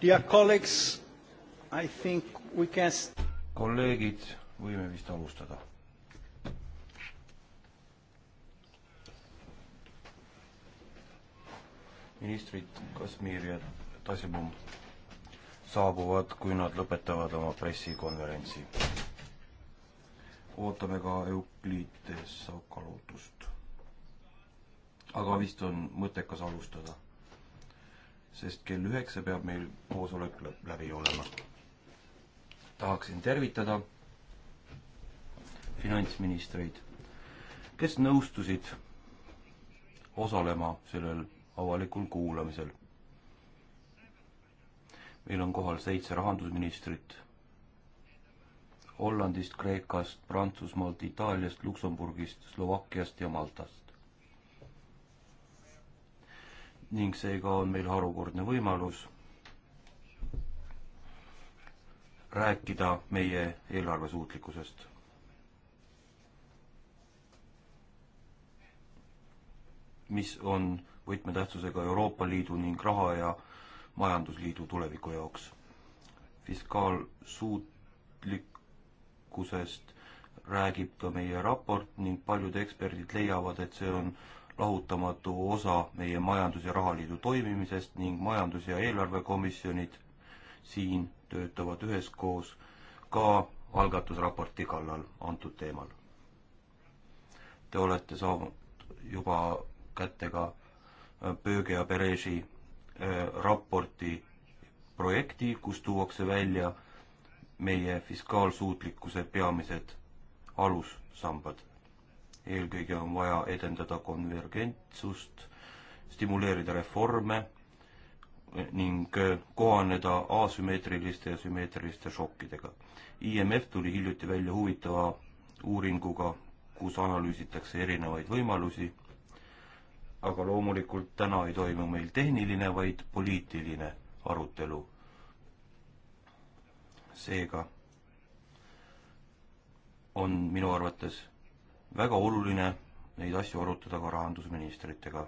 Dear colleagues, I think we can... kolleegid, võime vist alustada. ministrid Kasmir ja Tasibum saabuvad, kui nad lõpetavad oma pressikonverentsi. ootame ka Euklides Saukalotust. aga vist on mõttekas alustada sest kell üheksa peab meil koosolek läbi olema. tahaksin tervitada finantsministreid, kes nõustusid osalema sellel avalikul kuulamisel. meil on kohal seitse rahandusministrit Hollandist, Kreekast, Prantsusmaalt, Itaaliast, Luksemburgist, Slovakkiast ja Maltast ning seega on meil harukordne võimalus rääkida meie eelarvesuutlikkusest. mis on võtmetähtsusega Euroopa Liidu ning raha- ja majandusliidu tuleviku jaoks. fiskaalsuutlikkusest räägib ka meie raport ning paljud eksperdid leiavad, et see on lahutamatu osa meie majandus- ja rahaliidu toimimisest ning majandus- ja eelarvekomisjonid siin töötavad üheskoos ka algatusraporti kallal antud teemal. Te olete saanud juba kätte ka Pööge äh, ja Pereži äh, raporti projekti, kus tuuakse välja meie fiskaalsuutlikkuse peamised alussambad eelkõige on vaja edendada konvergentsust, stimuleerida reforme ning äh, kohaneda asümmeetriliste ja sümmeetriliste šokkidega. IMF tuli hiljuti välja huvitava uuringuga, kus analüüsitakse erinevaid võimalusi, aga loomulikult täna ei toimu meil tehniline, vaid poliitiline arutelu. seega on minu arvates väga oluline neid asju arutada ka rahandusministritega.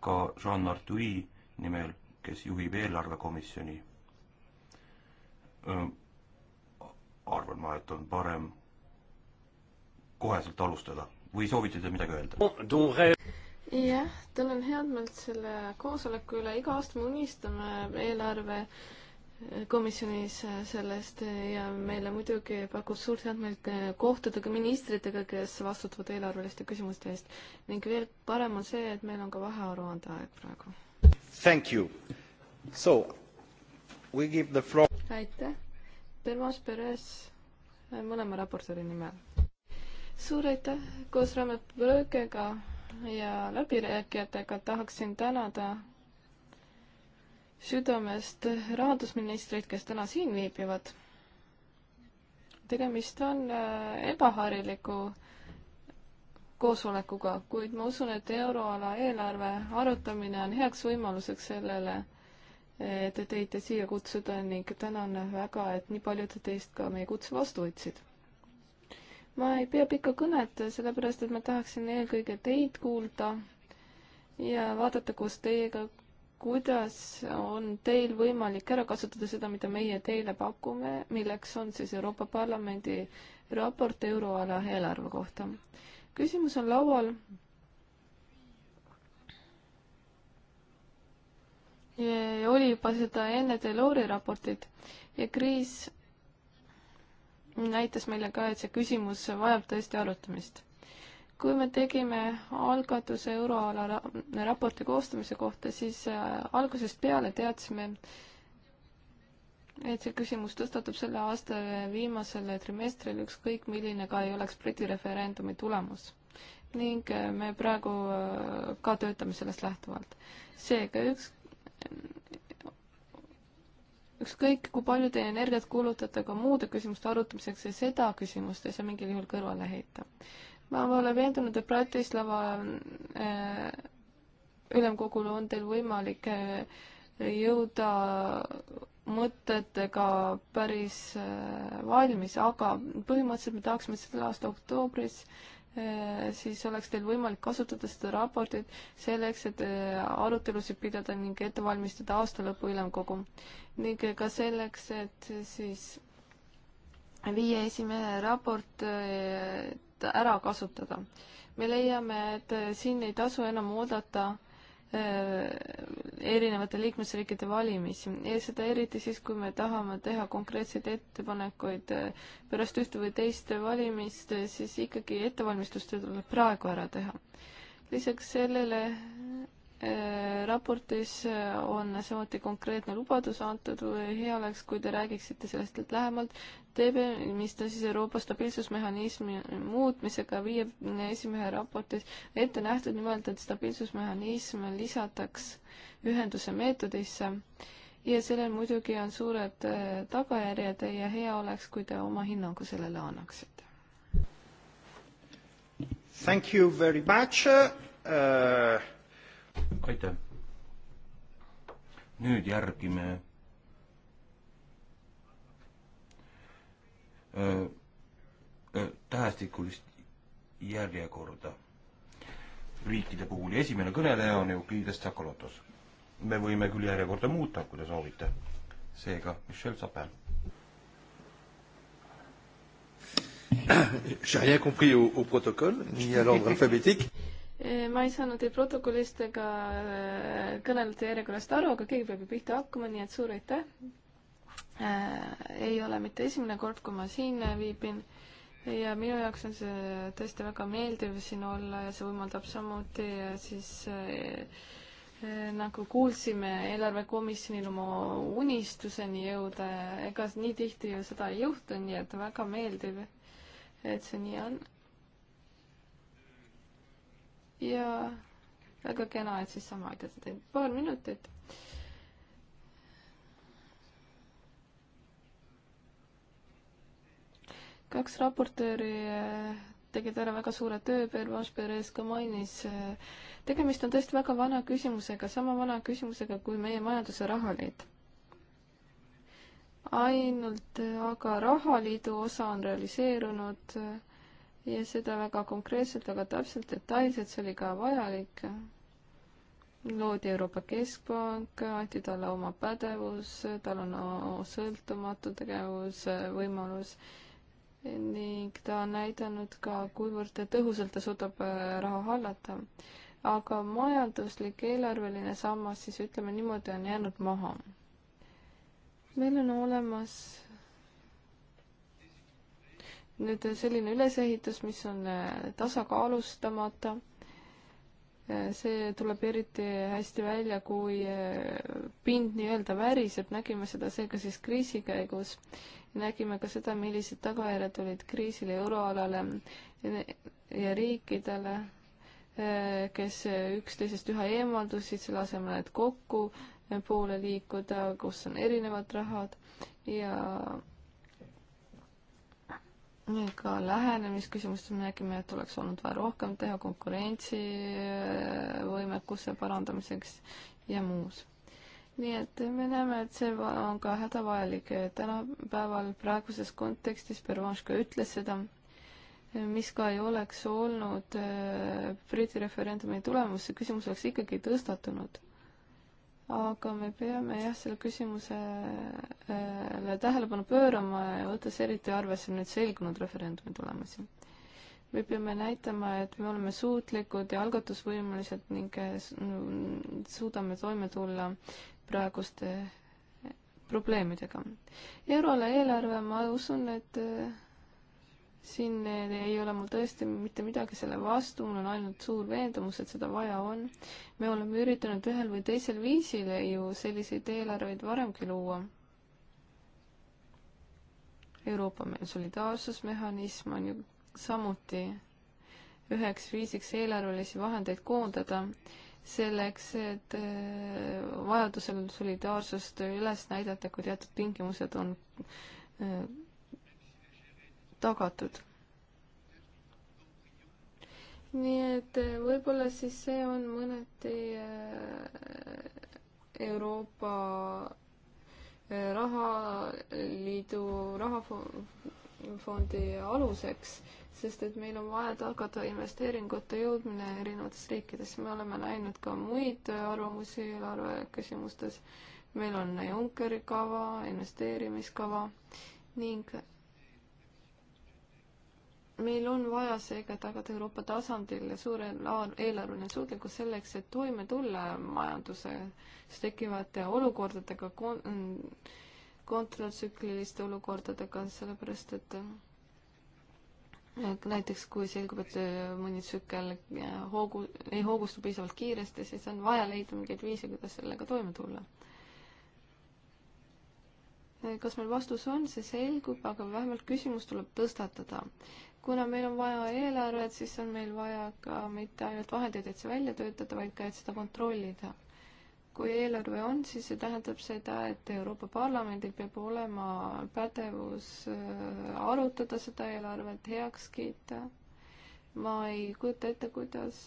ka Jean Artui nimel, kes juhib eelarvekomisjoni, arvan ma, et on parem koheselt alustada või soovite te midagi öelda? jah, tunnen head meelt selle koosoleku üle, iga aasta me unistame eelarve äh, komisjonis äh, sellest äh, ja meile muidugi pakkus suurt head meelt äh, kohtuda ka ministritega, kes vastutavad eelarveliste küsimuste eest ning veel parem on see, et meil on ka vahearuande aeg praegu. Thank you. So we give the floor. aitäh. Permas Perez mõlema raportööri nimel. suur aitäh koos Raamat Brõõgega ja läbirääkijatega tahaksin tänada südamest rahandusministreid, kes täna siin viibivad. tegemist on äh, ebahariliku koosolekuga, kuid ma usun, et euroala eelarve arutamine on heaks võimaluseks sellele, et te teid siia kutsuda ning tänan väga, et nii paljud teist ka meie kutse vastu võtsid. ma ei pea pikka kõnet, sellepärast et ma tahaksin eelkõige teid kuulda ja vaadata koos teiega, kuidas on teil võimalik ära kasutada seda, mida meie teile pakume, milleks on siis Euroopa Parlamendi raport euroala eelarve kohta? küsimus on laual. oli juba seda enne Delori raportit ja kriis näitas meile ka, et see küsimus vajab tõesti arutamist kui me tegime algatuse euroala raporti koostamise kohta, siis äh, algusest peale teadsime, et see küsimus tõstatub selle aasta viimasel trimestril, ükskõik milline ka ei oleks Briti referendumi tulemus. ning äh, me praegu äh, ka töötame sellest lähtuvalt. seega üks, ükskõik kui palju te energiat kulutate ka muude küsimuste arutamiseks ja seda küsimust ei saa mingil juhul kõrvale heita ma olen veendunud, et Bratislava äh, ülemkogul on teil võimalik äh, jõuda mõtetega päris äh, valmis, aga põhimõtteliselt me tahaksime selle aasta oktoobris siis oleks teil võimalik kasutada seda raportit selleks, et arutelusid pidada ning ette valmistada aastalõpu ülemkogu ning ka selleks, et siis viie esimehe raport täielikult ära kasutada. me leiame, et äh, siin ei tasu enam oodata äh, erinevate liikmesriikide valimisi ja seda eriti siis, kui me tahame teha konkreetseid ettepanekuid äh, pärast ühte või teist valimist, siis ikkagi ettevalmistustöö tuleb praegu ära teha. lisaks sellele Äh, raportis äh, on samuti konkreetne lubadus antud või hea oleks, kui te räägiksite sellest lähemalt. tegemist on siis Euroopa stabiilsusmehhanismi muutmisega viie esimehe raportis ette nähtud nimelt, et stabiilsusmehhanism lisataks ühenduse meetodisse ja sellel muidugi on suured äh, tagajärjed ja hea oleks, kui te oma hinnangu sellele annaksite. Thank you very much uh aitäh. nüüd järgime öö, öö, tähestikulist järjekorda riikide puhul ja esimene kõneleja on Euklides Tsakalotos. me võime küll järjekorda muuta, kui te soovite. seega, Michel Sapel. J'ai rien compris au, au protocole, ni à l'ordre alphabétique. ma ei saanud ei protokollist ega äh, kõnelejate järjekorrast aru, aga keegi peab ju pihta hakkama, nii et suur aitäh. Äh, ei ole mitte esimene kord, kui ma siin äh, viibin ja minu jaoks on see tõesti väga meeldiv siin olla ja see võimaldab samuti siis nagu kuulsime, eelarvekomisjonil oma unistuseni jõuda, ega nii tihti ju seda ei juhtu, nii et väga meeldiv, et see nii on ja väga kena, et siis sama aega seda teeb, paar minutit. kaks raportööri eh, tegid ära väga suure töö, Pervanš Perez ka mainis. Eh, tegemist on tõesti väga vana küsimusega, sama vana küsimusega kui meie majandus- ja rahaliit. ainult eh, aga rahaliidu osa on realiseerunud äh, ja seda väga konkreetselt, väga täpselt, detailselt, see oli ka vajalik. loodi Euroopa Keskpank, anti talle oma pädevus, tal on sõltumatu tegevus, võimalus ning ta on näidanud ka, kuivõrd tõhusalt ta suudab äh, raha hallata. aga majanduslik eelarveline sammas siis ütleme niimoodi on jäänud maha. meil on olemas nüüd selline ülesehitus, mis on äh, tasakaalustamata, äh, see tuleb eriti hästi välja, kui äh, pind nii-öelda väriseb, nägime seda seega siis kriisi käigus, nägime ka seda, millised tagajärjed olid kriisile euroalale ja riikidele, kes üksteisest üha eemaldusid, selle asemel, et kokku poole liikuda, kus on erinevad rahad ja ka lähenemisküsimust me nägime, et oleks olnud vaja rohkem teha konkurentsivõimekuse parandamiseks ja muus. nii et me näeme, et see on ka hädavajalik. tänapäeval praeguses kontekstis, Bervanš ka ütles seda, mis ka ei oleks olnud eh, Briti referendumi tulemus, see küsimus oleks ikkagi tõstatunud aga me peame jah, selle küsimusele tähelepanu pöörama ja võttes eriti arvesse nüüd selgunud referendumi tulemusi. me peame näitama, et me oleme suutlikud ja algatusvõimelised ning eh, suudame toime tulla praeguste probleemidega. eurole eelarve, ma usun, et eh, siin ei ole mul tõesti mitte midagi selle vastu, mul on ainult suur veendumus, et seda vaja on. me oleme üritanud ühel või teisel viisil ju selliseid eelarveid varemgi luua. Euroopa solidaarsusmehhanism on ju samuti üheks viisiks eelarvelisi vahendeid koondada, selleks, et äh, vajadusel solidaarsust üles näidata, kui teatud tingimused on äh, tagatud. nii et eh, võib-olla siis see on mõneti eh, Euroopa eh, rahaliidu rahafondi aluseks, sest et meil on vaja tagada investeeringute jõudmine erinevates riikides, me oleme näinud ka muid arvamusi eelarve küsimustes, meil on Junckeri kava, investeerimiskava ning meil on vaja seega tagada Euroopa tasandil suure eelarveline suutlikkus selleks, et toime tulla majanduses tekivate olukordadega kon, kontratsükliliste olukordadega, sellepärast et et näiteks kui selgub, et mõni tsükkel hoogu, ei hoogustu piisavalt kiiresti, siis on vaja leida mingeid viise, kuidas sellega toime tulla. kas meil vastus on, see selgub, aga vähemalt küsimus tuleb tõstatada kuna meil on vaja eelarvet, siis on meil vaja ka mitte ainult vahendeid, et see välja töötada, vaid ka, et seda kontrollida. kui eelarve on, siis see tähendab seda, et Euroopa Parlamendil peab olema pädevus äh, arutada seda eelarvet, heaks kiita. ma ei kujuta ette, kuidas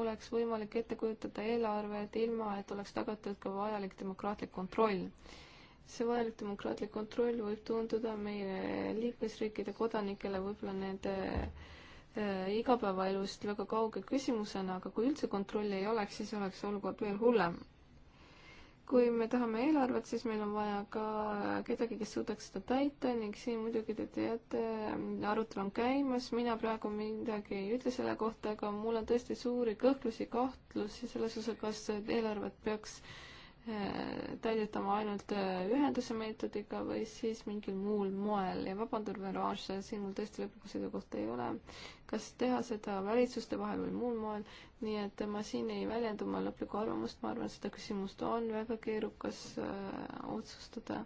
oleks võimalik ette kujutada eelarvet ilma, et oleks tagatud ka vajalik demokraatlik kontroll see vajalik demokraatlik kontroll võib tunduda meie liikmesriikide kodanikele võib-olla nende eh, igapäevaelust väga kauge küsimusena, aga kui üldse kontrolli ei oleks, siis oleks olukord veel hullem. kui me tahame eelarvet, siis meil on vaja ka kedagi, kes suudaks seda täita ning siin muidugi te teate, arutelu on käimas, mina praegu midagi ei ütle selle kohta, aga mul on tõesti suuri kõhklusi, kahtlusi selles osas, kas eelarvet peaks äh, Äh, täidetama ainult äh, ühenduse meetodiga või siis mingil muul moel ja vabandan, Veraaž, siin mul tõesti lõplikku seisukohta ei ole, kas teha seda valitsuste vahel või muul moel, nii et ma siin ei väljenda oma lõplikku arvamust, ma arvan, seda küsimust on väga keerukas äh, otsustada.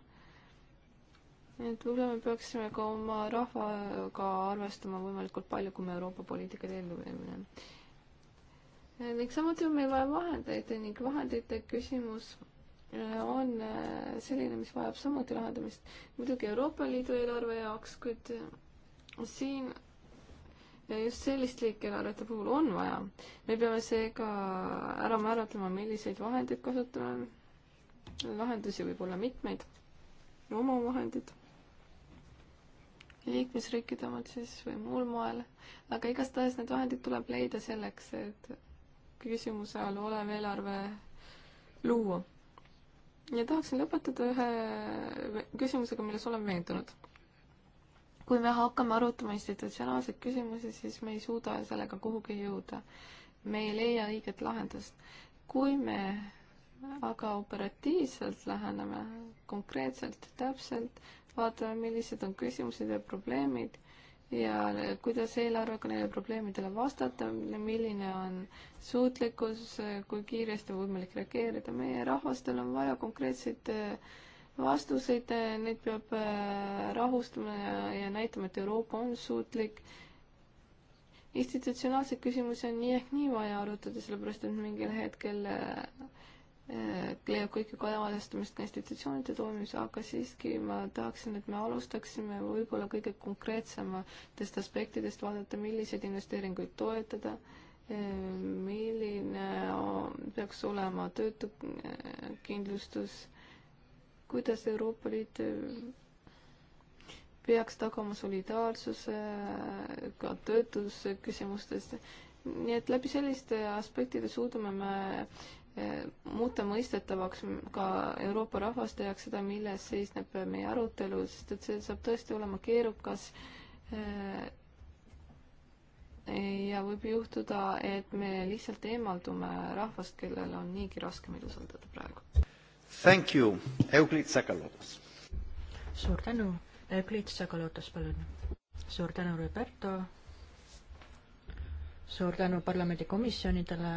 et võib-olla me peaksime ka oma rahvaga arvestama võimalikult palju, kui me Euroopa poliitikat ellu viime Äh, ning samuti on meil vaja vahendeid ning vahendite küsimus äh, on äh, selline, mis vajab samuti lahendamist. muidugi Euroopa Liidu eelarve jaoks, kuid siin ja just sellist liiki eelarvete puhul on vaja. me peame seega ära määratlema, milliseid vahendeid kasutame. lahendusi võib olla mitmeid, oma vahendid liikmesriikide omad siis või muul moel, aga igastahes need vahendid tuleb leida selleks, et küsimuse all olev eelarve luua. ja tahaksin lõpetada ühe küsimusega, milles olen veendunud. kui me hakkame arutama institutsionaalseid küsimusi, siis me ei suuda sellega kuhugi jõuda. me ei leia õiget lahendust. kui me aga operatiivselt läheneme, konkreetselt, täpselt, vaatame, millised on küsimused ja probleemid ja kuidas eelarvega neile probleemidele vastata, milline on suutlikkus, kui kiiresti on võimalik reageerida, meie rahvastel on vaja konkreetseid äh, vastuseid, äh, neid peab äh, rahustama ja, ja näitama, et Euroopa on suutlik. institutsionaalseid küsimusi on nii ehk nii vaja arutada, sellepärast et mingil hetkel leiab kõike kodakondsustamist ka institutsioonide toimimise, aga siiski ma tahaksin, et me alustaksime võib-olla kõige konkreetsematest aspektidest, vaadata, milliseid investeeringuid toetada, milline peaks olema töötukindlustus, kuidas Euroopa Liit peaks tagama solidaarsuse ka töötuse küsimustes, nii et läbi selliste aspektide suudame me muuta mõistetavaks ka Euroopa rahvaste jaoks seda, milles seisneb meie arutelu, sest et see saab tõesti olema keerukas ja võib juhtuda, et me lihtsalt eemaldume rahvast, kellel on niigi raske meid usaldada praegu. Thank you, Euclid Sakalotas. suur tänu, Euclid Sakalotas, palun. suur tänu, Roberto. suur tänu parlamendikomisjonidele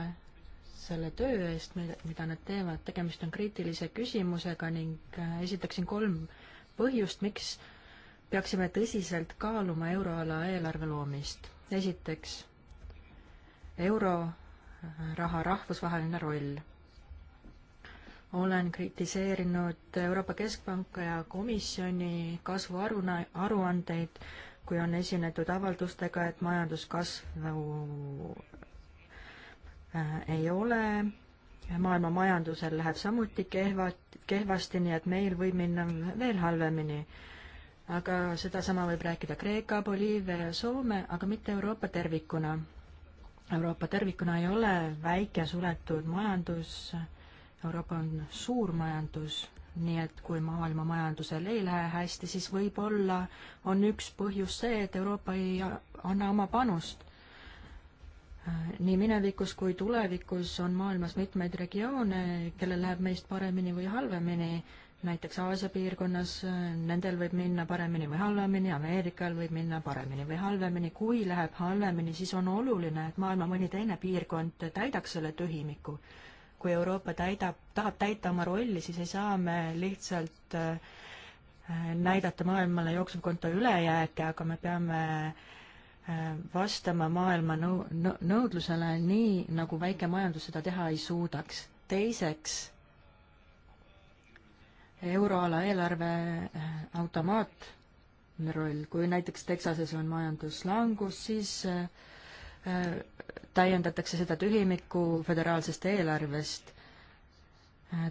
selle töö eest, mida nad teevad, tegemist on kriitilise küsimusega ning äh, esitaksin kolm põhjust, miks peaksime tõsiselt kaaluma euroala eelarve loomist. esiteks, euroraha äh, rahvusvaheline roll. olen kritiseerinud Euroopa Keskpanka ja Komisjoni kasvuaruna, aruandeid, kui on esinetud avaldustega, et majanduskasvu Äh, ei ole, maailma majandusel läheb samuti kehva, kehvasti, nii et meil võib minna veel halvemini. aga sedasama võib rääkida Kreeka, Boliivia ja Soome, aga mitte Euroopa tervikuna. Euroopa tervikuna ei ole väike suletud majandus, Euroopa on suur majandus, nii et kui maailma majandusel ei lähe hästi, siis võib-olla on üks põhjus see, et Euroopa ei anna oma panust nii minevikus kui tulevikus on maailmas mitmeid regioone, kellel läheb meist paremini või halvemini, näiteks Aasia piirkonnas, äh, nendel võib minna paremini või halvemini, Ameerikal võib minna paremini või halvemini, kui läheb halvemini, siis on oluline, et maailma mõni teine piirkond täidaks selle tühimiku. kui Euroopa täidab, tahab täita oma rolli, siis ei saa me lihtsalt äh, näidata maailmale jooksvkonto ülejääke, aga me peame äh, Äh, vastama maailma nõu-, nõudlusele nii, nagu väike majandus seda teha ei suudaks. teiseks, euroala eelarve äh, automaatroll, kui näiteks Texases on majanduslangus, siis äh, äh täiendatakse seda tühimikku föderaalsest eelarvest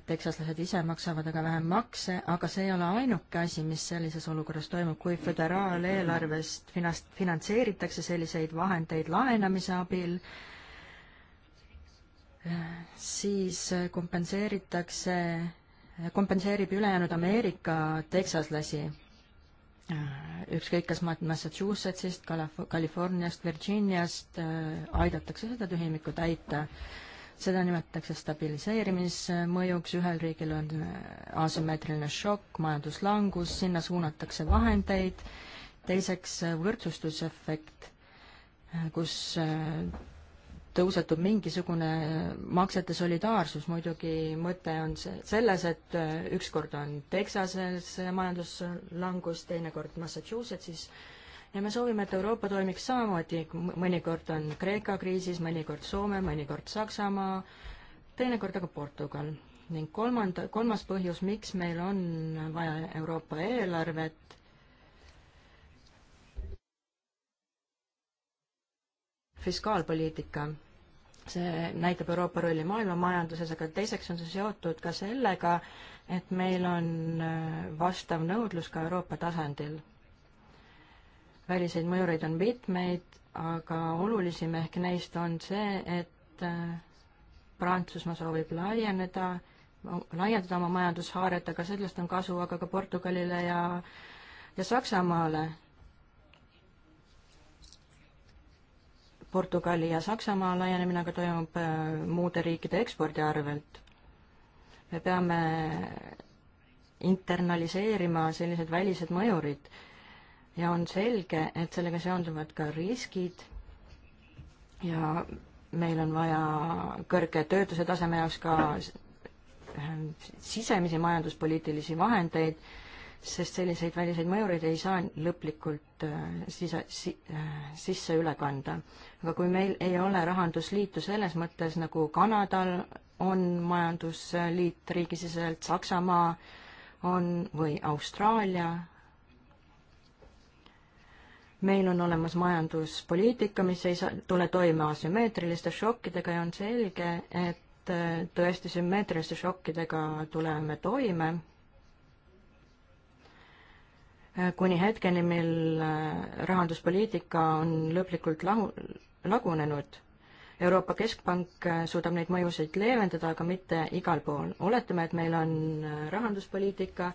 teksaslased ise maksavad aga vähem makse, aga see ei ole ainuke asi, mis sellises olukorras toimub, kui föderaaleelarvest finast-, finantseeritakse selliseid vahendeid laenamise abil, siis kompenseeritakse, kompenseerib ülejäänud Ameerika teksaslasi, ükskõik kas Massachusettsist, Californiast, Virginiast, äh, aidatakse seda tühimikku täita seda nimetatakse stabiliseerimismõjuks, ühel riigil on äh, asümmeetriline šokk, majanduslangus, sinna suunatakse vahendeid, teiseks äh, võrdsustusefekt, äh, kus tõusetub mingisugune maksete solidaarsus, muidugi mõte on see, selles, et ükskord on Texases majanduslangus, teinekord Massachusettsis, ja me soovime, et Euroopa toimiks samamoodi, mõnikord on Kreeka kriisis, mõnikord Soome, mõnikord Saksamaa, teinekord aga Portugal. ning kolmanda, kolmas põhjus, miks meil on vaja Euroopa eelarvet, fiskaalpoliitika see näitab Euroopa rolli maailmamajanduses, aga teiseks on see seotud ka sellega, et meil on äh, vastav nõudlus ka Euroopa tasandil väliseid mõjureid on mitmeid, aga olulisim ehk neist on see, et äh, Prantsusmaa soovib laieneda, laiendada oma majandushaaret, aga sellest on kasu aga ka Portugalile ja, ja Saksamaale. Portugali ja Saksamaa laienemine aga toimub äh, muude riikide ekspordi arvelt. me peame internaliseerima sellised välised mõjurid ja on selge, et sellega seonduvad ka riskid ja meil on vaja kõrge töötuse taseme jaoks ka ähm, sisemisi majanduspoliitilisi vahendeid, sest selliseid väliseid mõjureid ei saa lõplikult äh, sise si,, äh, sisse üle kanda. aga kui meil ei ole rahandusliitu selles mõttes, nagu Kanadal on majandusliit riigisiseselt, Saksamaa on või Austraalia meil on olemas majanduspoliitika, mis ei saa, tule toime asümmeetriliste šokkidega ja on selge, et äh, tõesti sümmeetriliste šokkidega tuleme toime äh, kuni hetkeni, mil äh, rahanduspoliitika on lõplikult lahu, lagunenud. Euroopa Keskpank suudab neid mõjusid leevendada, aga mitte igal pool. oletame, et meil on rahanduspoliitika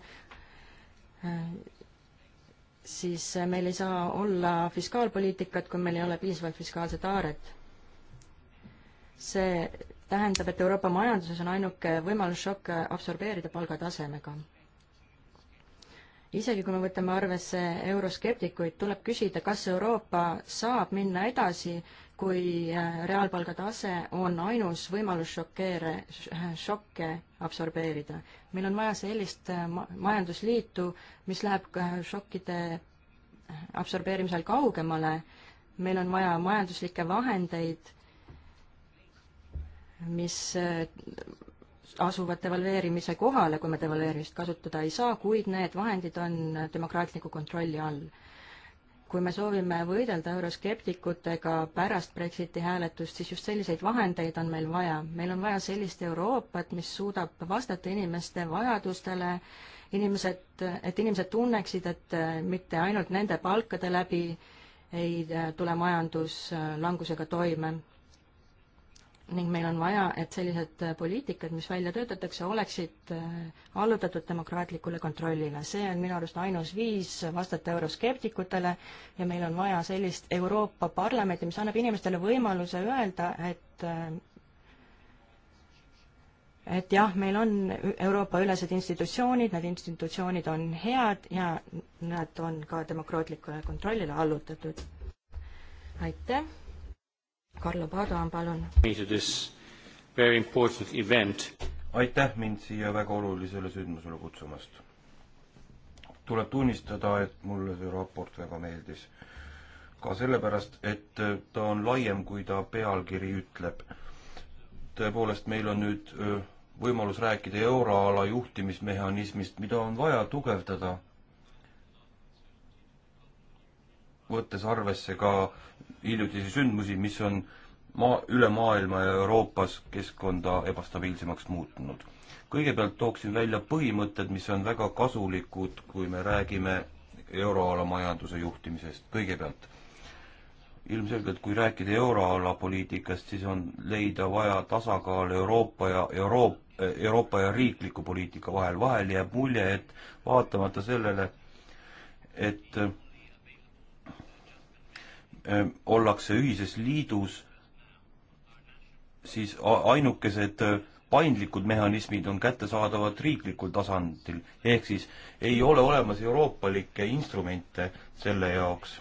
siis meil ei saa olla fiskaalpoliitikat, kui meil ei ole piisavalt fiskaalset aaret. see tähendab, et Euroopa majanduses on ainuke võimalus šokke absorbeerida palgatasemega. isegi kui me võtame arvesse euroskeptikuid, tuleb küsida, kas Euroopa saab minna edasi kui äh, reaalpalga tase on ainus võimalus šokeere, šokke absorbeerida. meil on vaja sellist äh, ma-, majandusliitu, mis läheb äh, šokkide absorbeerimisel kaugemale, meil on vaja majanduslikke vahendeid, mis asuvad devalveerimise kohale, kui me devalveerimist kasutada ei saa, kuid need vahendid on demokraatliku kontrolli all kui me soovime võidelda euroskeptikutega pärast Brexiti hääletust, siis just selliseid vahendeid on meil vaja. meil on vaja sellist Euroopat, mis suudab vastata inimeste vajadustele, inimesed, et inimesed tunneksid, et mitte ainult nende palkade läbi ei tule majandus langusega toime ning meil on vaja, et sellised äh, poliitikad, mis välja töötatakse, oleksid äh, allutatud demokraatlikule kontrollile. see on minu arust ainus viis vastata euroskeptikutele ja meil on vaja sellist Euroopa Parlamenti, mis annab inimestele võimaluse öelda, et äh, et jah, meil on Euroopa-ülesed institutsioonid, need institutsioonid on head ja nad on ka demokraatlikule kontrollile allutatud. aitäh! Karlo Padoan, palun. aitäh mind siia väga olulisele sündmusele kutsumast. tuleb tunnistada, et mulle see raport väga meeldis. ka sellepärast, et ta on laiem, kui ta pealkiri ütleb. tõepoolest, meil on nüüd võimalus rääkida euroala juhtimismehhanismist, mida on vaja tugevdada võttes arvesse ka hiljutisi sündmusi, mis on maa, üle maailma ja Euroopas keskkonda ebastabiilsemaks muutnud. kõigepealt tooksin välja põhimõtted, mis on väga kasulikud, kui me räägime euroala majanduse juhtimisest. kõigepealt, ilmselgelt kui rääkida euroala poliitikast, siis on leida vaja tasakaal Euroopa ja Euroop-, Euroopa ja riikliku poliitika vahel. vahel jääb mulje, et vaatamata sellele, et Ehm, ollakse ühises liidus, siis ainukesed ehm, paindlikud mehhanismid on kättesaadavad riiklikul tasandil, ehk siis ei ole olemas euroopalikke instrumente selle jaoks,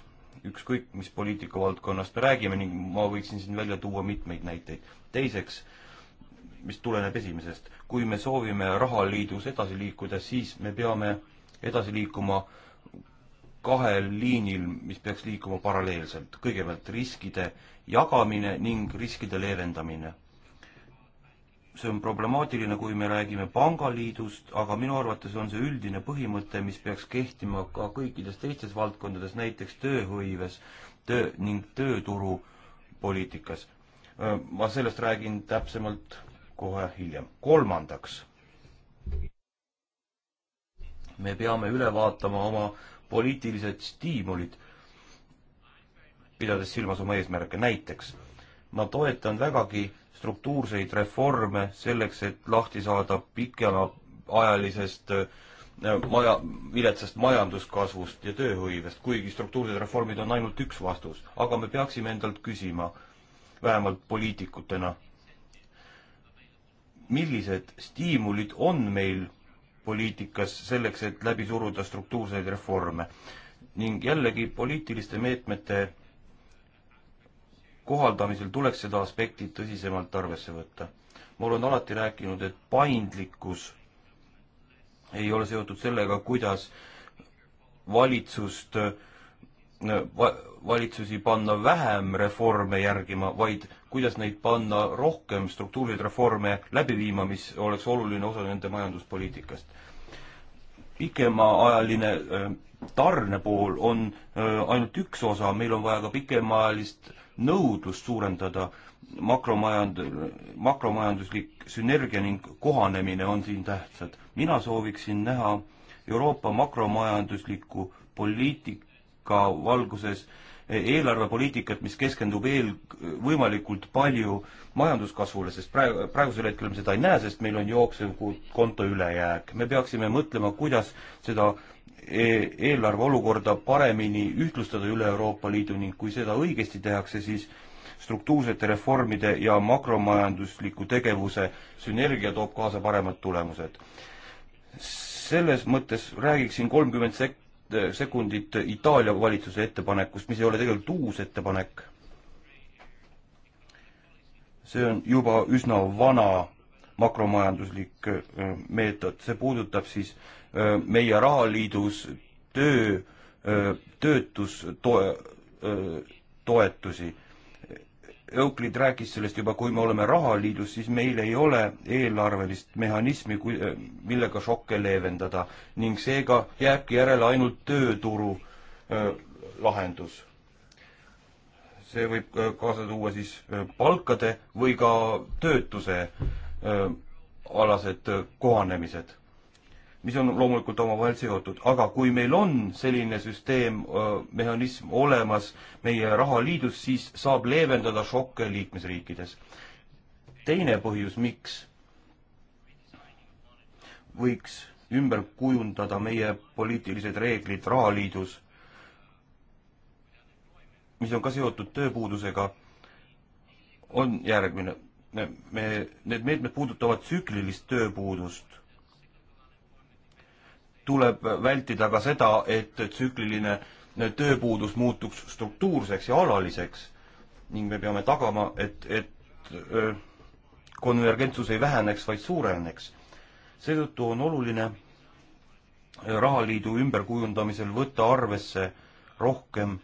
ükskõik mis poliitikavaldkonnast me räägime ning ma võiksin siin välja tuua mitmeid näiteid. teiseks, mis tuleneb esimesest, kui me soovime rahaliidus edasi liikuda, siis me peame edasi liikuma äh, kahel liinil, mis peaks liikuma paralleelselt. kõigepealt riskide jagamine ning riskide leevendamine. see on problemaatiline, kui me räägime pangaliidust, aga minu arvates on see üldine põhimõte, mis peaks kehtima ka kõikides teistes valdkondades, näiteks tööhõives, töö ning tööturupoliitikas. ma sellest räägin täpsemalt kohe hiljem. kolmandaks, me peame üle vaatama oma poliitilised stiimulid, pidades silmas oma eesmärke, näiteks ma toetan vägagi struktuurseid reforme selleks, et lahti saada pikemaajalisest äh, maja, viletsast majanduskasvust ja tööhõivest, kuigi struktuursed reformid on ainult üks vastus, aga me peaksime endalt küsima, vähemalt poliitikutena, millised stiimulid on meil poliitikas selleks, et läbi suruda struktuurseid reforme. ning jällegi poliitiliste meetmete kohaldamisel tuleks seda aspekti tõsisemalt arvesse võtta. ma olen alati rääkinud, et paindlikkus ei ole seotud sellega, kuidas valitsust äh, Äh, va-, valitsusi panna vähem reforme järgima, vaid kuidas neid panna rohkem struktuurseid reforme läbi viima, mis oleks oluline osa nende majanduspoliitikast. pikemaajaline äh, tarne pool on äh, ainult üks osa, meil on vaja ka pikemaajalist nõudlust suurendada, makromajand-, makromajanduslik sünergia ning kohanemine on siin tähtsad. mina sooviksin näha Euroopa makromajanduslikku poliitik-, ka valguses e, eelarvepoliitikat, mis keskendub eel, võimalikult palju majanduskasvule, sest praegu, praegusel hetkel me seda ei näe, sest meil on jooksev konto ülejääk. me peaksime mõtlema, kuidas seda e-, eelarve olukorda paremini ühtlustada üle Euroopa Liidu ning kui seda õigesti tehakse, siis struktuursete reformide ja makromajandusliku tegevuse sünergia toob kaasa paremad tulemused. selles mõttes räägiksin kolmkümmend sek-, sekundit Itaalia valitsuse ettepanekust, mis ei ole tegelikult uus ettepanek. see on juba üsna vana makromajanduslik meetod, see puudutab siis meie rahaliidus töö, töötustoe, toetusi Euclid rääkis sellest juba, kui me oleme rahaliidus, siis meil ei ole eelarvelist mehhanismi, eh, millega šokke leevendada ning seega jääbki järele ainult tööturu öö, eh, lahendus. see võib kaasa tuua siis eh, palkade või ka töötuse öö, alased kohanemised mis on loomulikult omavahel seotud, aga kui meil on selline süsteem, mehhanism olemas meie rahaliidus, siis saab leevendada šokke liikmesriikides. teine põhjus, miks võiks ümber kujundada meie poliitilised reeglid rahaliidus, mis on ka seotud tööpuudusega, on järgmine. me, need meetmed puudutavad tsüklilist tööpuudust tuleb vältida ka seda, et tsükliline tööpuudus muutuks struktuurseks ja alaliseks ning me peame tagama, et, et konvergentsus ei väheneks, vaid suureneks. seetõttu on oluline rahaliidu ümberkujundamisel võtta arvesse rohkem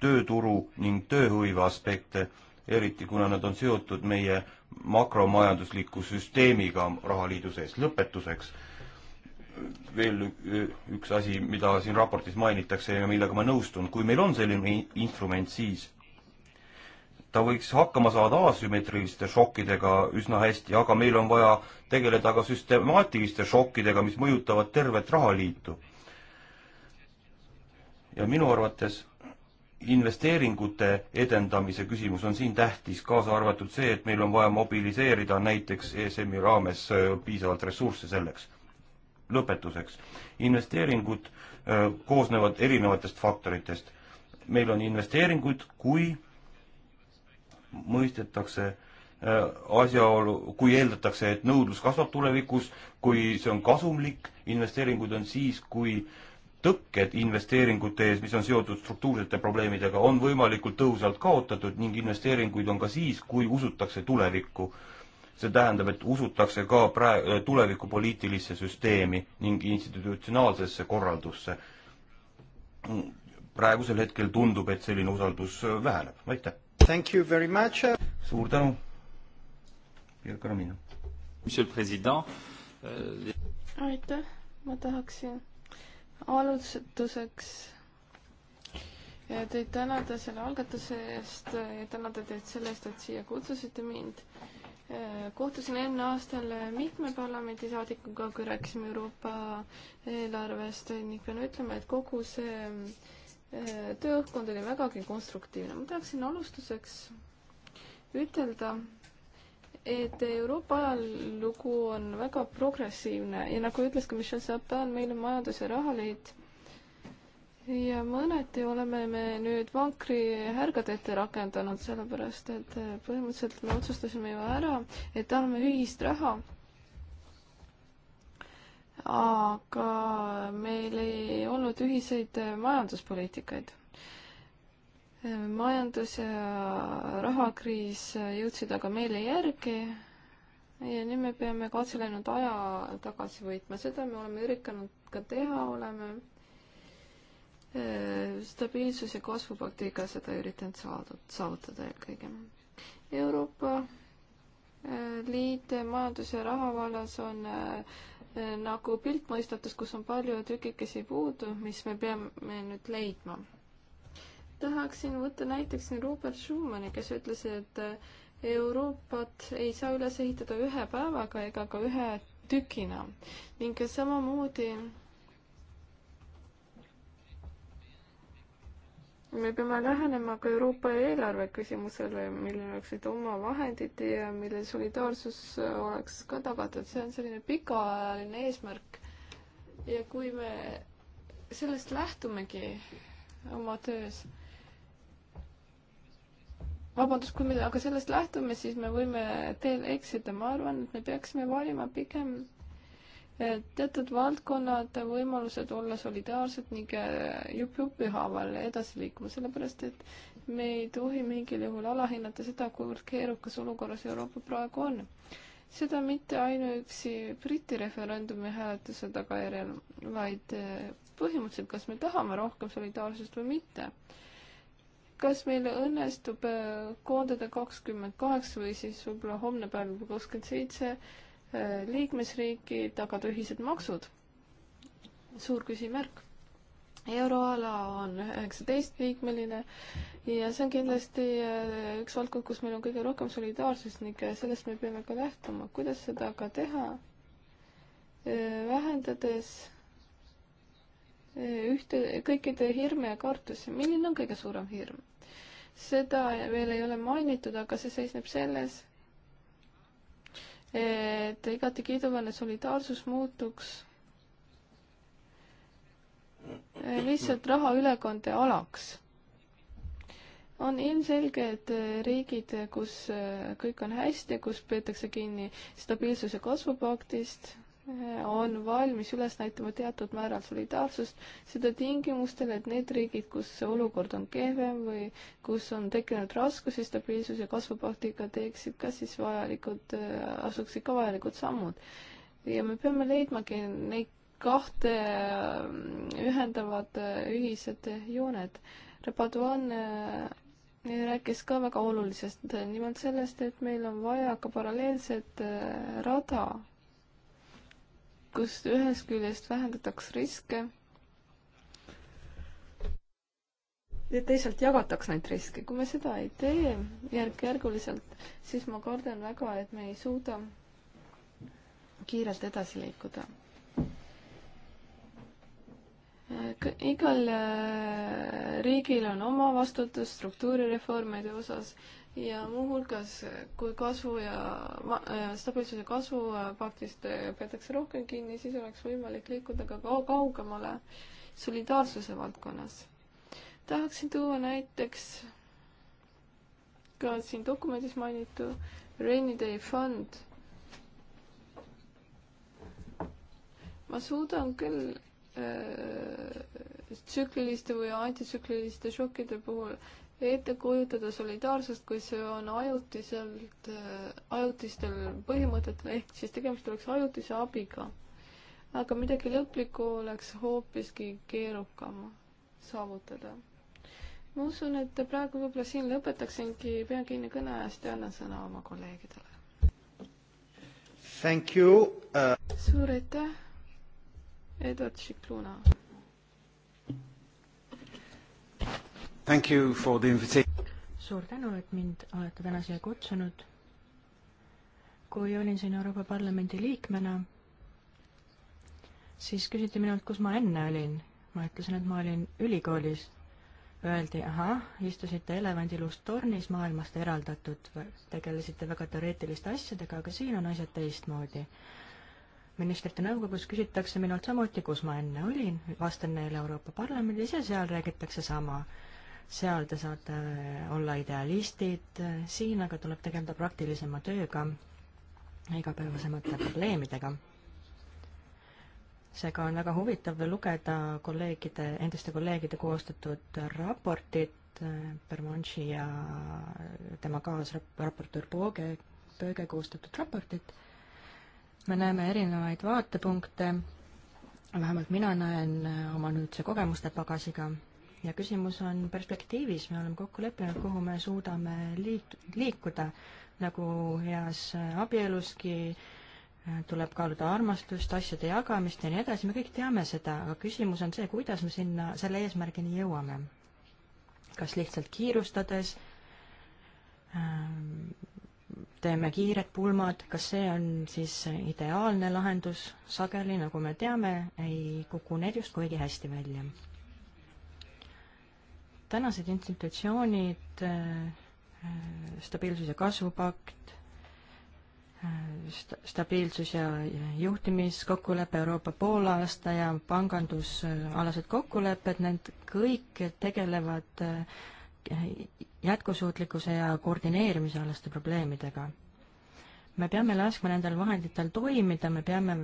tööturu ning tööhõive aspekte, eriti kuna nad on seotud meie makromajandusliku süsteemiga rahaliidu sees. lõpetuseks veel üks asi, mida siin raportis mainitakse ja millega ma nõustun, kui meil on selline instrument, siis ta võiks hakkama saada asümmeetriliste šokkidega üsna hästi, aga meil on vaja tegeleda ka süstemaatiliste šokkidega, mis mõjutavad tervet rahaliitu. ja minu arvates investeeringute edendamise küsimus on siin tähtis, kaasa arvatud see, et meil on vaja mobiliseerida näiteks ESM-i raames äh, piisavalt ressursse selleks. lõpetuseks, investeeringud äh, koosnevad erinevatest faktoritest. meil on investeeringuid, kui mõistetakse äh, asjaolu, kui eeldatakse, et nõudlus kasvab tulevikus, kui see on kasumlik, investeeringud on siis, kui äh, tõkked investeeringute ees, mis on seotud struktuursete probleemidega, on võimalikult tõhusalt kaotatud ning investeeringuid on ka siis, kui usutakse tulevikku. see tähendab, et usutakse ka praegu äh, tuleviku poliitilisse süsteemi ning institutsionaalsesse korraldusse. praegusel hetkel tundub, et selline usaldus äh, väheneb, aitäh. Thank you very much. suur tänu. Pierre Carmino. Monsieur le Président. Euh, aitäh, ma tahaksin alustuseks eh, teid tänada selle algatuse eest ja eh, tänada teid selle eest, et siia kutsusite mind. Eh, kohtusin eelmine aastal mitme parlamendisaadikuga, kui rääkisime Euroopa eelarvest ning pean ütlema, et kogu see tööõhkkond oli vägagi konstruktiivne. ma tahaksin alustuseks ütelda, et Euroopa ajalugu on väga progressiivne ja nagu ütles ka Michel Sapin, meil on majandus ja rahaliit ja mõneti oleme me nüüd vankri härgad ette rakendanud, sellepärast et põhimõtteliselt me otsustasime ju ära, et anname ühist raha. aga meil ei olnud ühiseid majanduspoliitikaid majandus- ja rahakriis jõudsid aga meile järgi ja nüüd me peame kaasa läinud aja tagasi võitma, seda me oleme üritanud ka teha, oleme äh, stabiilsus- ja kasvupaktiga seda üritanud saadud, saavutada eelkõige. Euroopa äh, Liit majandus- ja rahavallas on äh, nagu piltmõistatus, kus on palju tükikesi puudu, mis me peame nüüd leidma tahaksin võtta näiteks siin Robert Schumanni, kes ütles, et äh, Euroopat ei saa üles ehitada ühe päevaga ega ka ühe tükina ning samamoodi me peame lähenema ka Euroopa eelarve küsimusele, millel oleksid oma vahendid ja mille solidaarsus äh, oleks ka tagatud, see on selline pikaajaline eesmärk. ja kui me sellest lähtumegi oma töös vabandust, kui me aga sellest lähtume, siis me võime teel eksida, ma arvan, et me peaksime valima pigem eh, teatud valdkonnad, võimalused olla solidaarsed ning eh, jupp-jupi haaval edasi liikuma, sellepärast et me ei tohi mingil juhul alahinnata seda, kuivõrd keerukas olukorras Euroopa praegu on. seda mitte ainuüksi Briti referendumi hääletuse tagajärjel, vaid eh, põhimõtteliselt, kas me tahame rohkem solidaarsust või mitte kas meil õnnestub äh, koondada kakskümmend kaheksa või siis võib-olla homne päev juba kakskümmend seitse äh, liikmesriiki tagada ühised maksud? suur küsimärk. euroala on üheksateistliikmeline ja see on kindlasti äh, üks valdkond, kus meil on kõige rohkem solidaarsust ning sellest me peame ka lähtuma, kuidas seda ka teha, vähendades ühte, kõikide hirme ja kartusi. milline on kõige suurem hirm? seda veel ei ole mainitud, aga see seisneb selles, et igati kiiduväärne solidaarsus muutuks lihtsalt raha ülekande alaks. on ilmselge, et riigid, kus kõik on hästi, kus peetakse kinni stabiilsuse kasvupaktist, on valmis üles näitama teatud määral solidaarsust, seda tingimustel, et need riigid, kus olukord on kehvem või kus on tekkinud raskusi stabiilsus- ja kasvupaktiga, teeksid ka siis vajalikud, äh, asuksid ka vajalikud sammud. ja me peame leidmagi neid kahte äh, ühendavad äh, ühised jooned. Rabaduan rääkis ka väga olulisest, nimelt sellest, et meil on vaja ka paralleelset rada kus ühest küljest vähendatakse riske ja teisalt jagataks neid riske. kui me seda ei tee järk-järguliselt, siis ma kardan väga, et me ei suuda kiirelt edasi liikuda igal äh, riigil on oma vastutus struktuurireformide osas ja muuhulgas, kui kasvu ja äh, stabiilsuse kasvupaktist äh, peetakse rohkem kinni, siis oleks võimalik liikuda ka kaugemale solidaarsuse valdkonnas. tahaksin tuua näiteks ka siin dokumendis mainitu Rainy Day Fund. ma suudan küll Äh, tsükliliste või antitsükliliste šokkide puhul ette kujutada solidaarsust, kui see on ajutiselt, äh, ajutistel põhimõtetel, ehk siis tegemist oleks ajutise abiga. aga midagi lõplikku oleks hoopiski keerukam saavutada. ma usun, et praegu võib-olla siin lõpetaksingi, pean kinni kõne ajast ja annan sõna oma kolleegidele. Thank you uh.... suur aitäh Eduard Cicluna. Thank you for the invitation. suur tänu, et mind olete täna siia kutsunud. kui olin siin Euroopa Parlamendi liikmena, siis küsiti minult, kus ma enne olin. ma ütlesin, et ma olin ülikoolis. Öeldi, ahah, istusite elevandilust tornis, maailmast eraldatud, tegelesite väga teoreetiliste asjadega, aga siin on asjad teistmoodi ministrite nõukogus küsitakse minult samuti, kus ma enne olin, vastan neile Euroopa Parlamendis ja seal räägitakse sama. seal te saate äh, olla idealistid, siin aga tuleb tegeleda praktilisema tööga, igapäevasemate probleemidega. seega on väga huvitav lugeda kolleegide, endiste kolleegide koostatud raportit, äh, Bermanchi ja äh, tema kaasraportöör Pooge, Pööge koostatud raportit me näeme erinevaid vaatepunkte, vähemalt mina näen äh, oma nüüdse kogemuste pagasiga ja küsimus on perspektiivis, me oleme kokku leppinud, kuhu me suudame liik-, liikuda, nagu heas äh, abieluski äh, tuleb kaaluda armastust, asjade jagamist ja nii edasi, me kõik teame seda, aga küsimus on see, kuidas me sinna, selle eesmärgini jõuame. kas lihtsalt kiirustades ähm,, teeme kiired pulmad, kas see on siis ideaalne lahendus, sageli, nagu me teame, ei kuku need just kuigi hästi välja. tänased institutsioonid, äh, stabiilsus- ja kasvupakt, äh, sta-, stabiilsus- ja juhtimiskokkulepe Euroopa poolaasta ja pangandusalased kokkulepped, need kõik tegelevad äh, jätkusuutlikkuse ja koordineerimise alaste probleemidega. me peame laskma nendel vahenditel toimida, me peame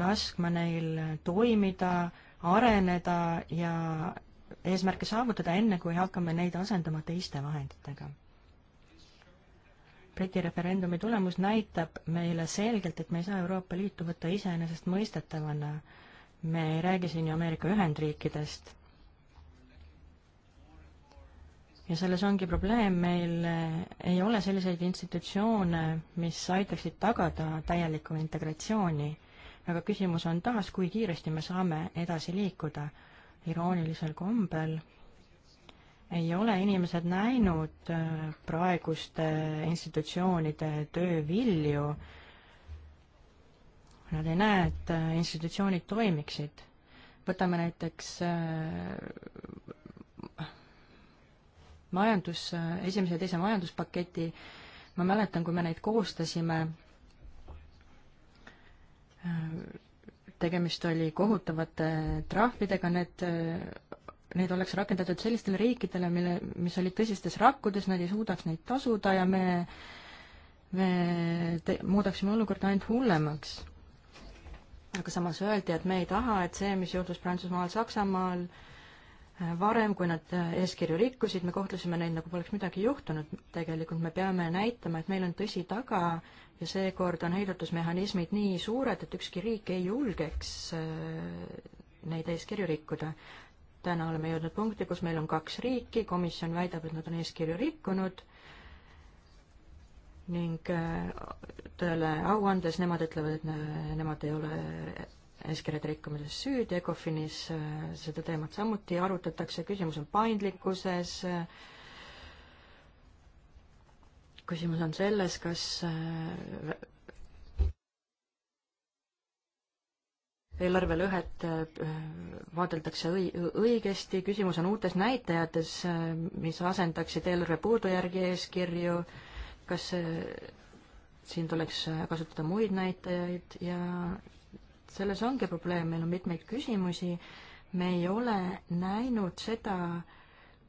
laskma neil toimida, areneda ja eesmärke saavutada, enne kui hakkame neid asendama teiste vahenditega. Briti referendumi tulemus näitab meile selgelt, et me ei saa Euroopa Liitu võtta iseenesestmõistetavana. me ei räägi siin ju Ameerika Ühendriikidest ja selles ongi probleem, meil eh, ei ole selliseid institutsioone, mis aitaksid tagada täielikku integratsiooni. aga küsimus on taas, kui kiiresti me saame edasi liikuda. iroonilisel kombel ei ole inimesed näinud eh, praeguste institutsioonide töö vilju. Nad ei näe, et eh, institutsioonid toimiksid. võtame näiteks majandus, esimese ja teise majanduspaketi, ma mäletan, kui me neid koostasime, tegemist oli kohutavate trahvidega, need, neid oleks rakendatud sellistele riikidele, mille, mis olid tõsistes rakkudes, nad ei suudaks neid tasuda ja me, me te-, muudaksime olukorda ainult hullemaks. aga samas öeldi, et me ei taha, et see, mis juhtus Prantsusmaal, Saksamaal äh,, varem, kui nad äh, eeskirju rikkusid, me kohtlesime neid nagu poleks midagi juhtunud, tegelikult me peame näitama, et meil on tõsi taga ja seekord on heidutusmehhanismid nii suured, et ükski riik ei julgeks äh, neid eeskirju rikkuda. täna oleme jõudnud punkti, kus meil on kaks riiki, komisjon väidab, et nad on eeskirju rikkunud ning äh, tõele au andes nemad ütlevad, et nemad ei ole eeskirjade rikkumises süüdi, ECOFINis äh, seda teemat samuti arutatakse, küsimus on paindlikkuses, äh, küsimus on selles, kas äh, eelarvelõhet vaadeldakse õi-, õigesti, küsimus on uutes näitajates, mis asendaksid eelarve puudujärgi eeskirju, kas siin tuleks kasutada muid näitajaid ja selles ongi probleem, meil on mitmeid küsimusi, me ei ole näinud seda,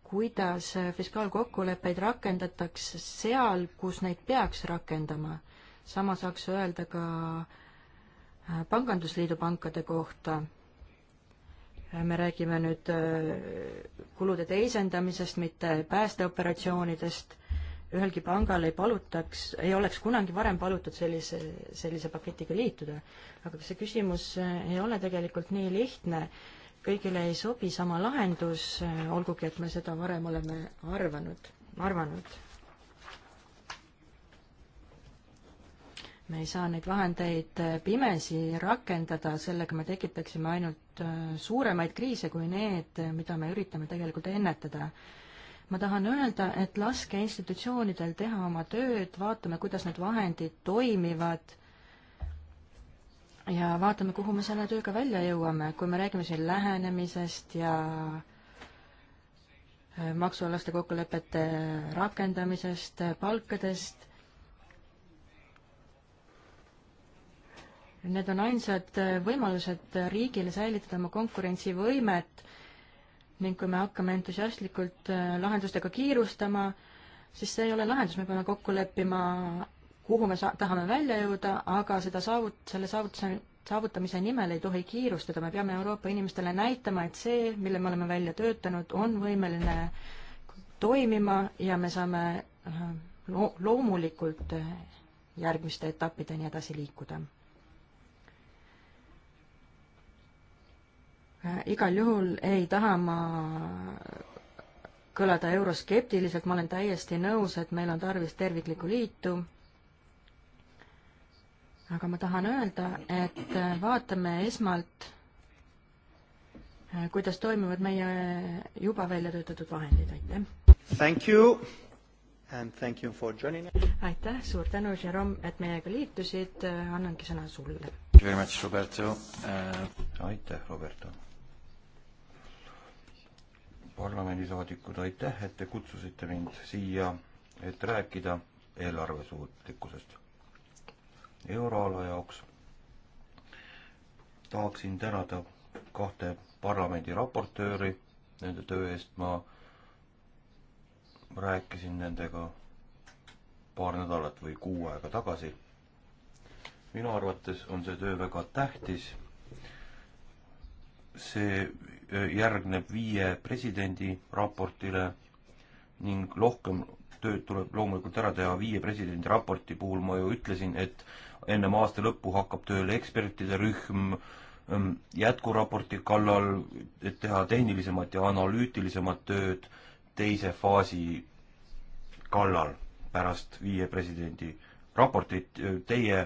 kuidas fiskaalkokkuleppeid rakendatakse seal, kus neid peaks rakendama. sama saaks öelda ka äh, pangandusliidu pankade kohta. Äh, me räägime nüüd äh, kulude teisendamisest, mitte päästeoperatsioonidest ühelgi pangal ei palutaks, ei oleks kunagi varem palutud sellise, sellise paketiga liituda. aga see küsimus äh, ei ole tegelikult nii lihtne, kõigile ei sobi sama lahendus, äh, olgugi et me seda varem oleme arvanud, arvanud. me ei saa neid vahendeid äh, pimesi rakendada, sellega me tekitaksime ainult suuremaid kriise kui need, mida me üritame tegelikult ennetada ma tahan öelda, et laske institutsioonidel teha oma tööd, vaatame, kuidas need vahendid toimivad ja vaatame, kuhu me selle tööga välja jõuame, kui me räägime siin lähenemisest ja äh, maksualaste kokkulepete rakendamisest, äh, palkadest. Need on ainsad äh, võimalused riigil säilitada oma konkurentsivõimet ning kui me hakkame entusiastlikult äh, lahendustega kiirustama, siis see ei ole lahendus, me peame kokku leppima, kuhu me sa-, tahame välja jõuda, aga seda saavut-, selle saavutuse, saavutamise nimel ei tohi kiirustada, me peame Euroopa inimestele näitama, et see, mille me oleme välja töötanud, on võimeline toimima ja me saame äh, lo-, loomulikult äh, järgmiste etappideni edasi liikuda Äh, igal juhul ei taha ma kõlada euroskeptiliselt, ma olen täiesti nõus, et meil on tarvis terviklikku liitu, aga ma tahan öelda, et äh, vaatame esmalt, äh, kuidas toimuvad meie juba välja töötatud vahendid, aitäh! Thank you and thank you for joining us! aitäh, suur tänu, Jerome, et meiega liitusid, annangi sõna sulle! Very much, Roberto uh...! aitäh, Roberto! parlamendisaadikud, aitäh, et te kutsusite mind siia, et rääkida eelarve suutlikkusest euroala jaoks. tahaksin tänada kahte parlamendi raportööri nende töö eest, ma rääkisin nendega paar nädalat või kuu aega tagasi. minu arvates on see töö väga tähtis. see järgneb viie presidendi raportile ning rohkem tööd tuleb loomulikult ära teha viie presidendi raporti puhul, ma ju ütlesin, et ennem aasta lõppu hakkab tööle ekspertide rühm ähm, jätkuraporti kallal, et teha tehnilisemat ja analüütilisemat tööd teise faasi kallal pärast viie presidendi raportit. Teie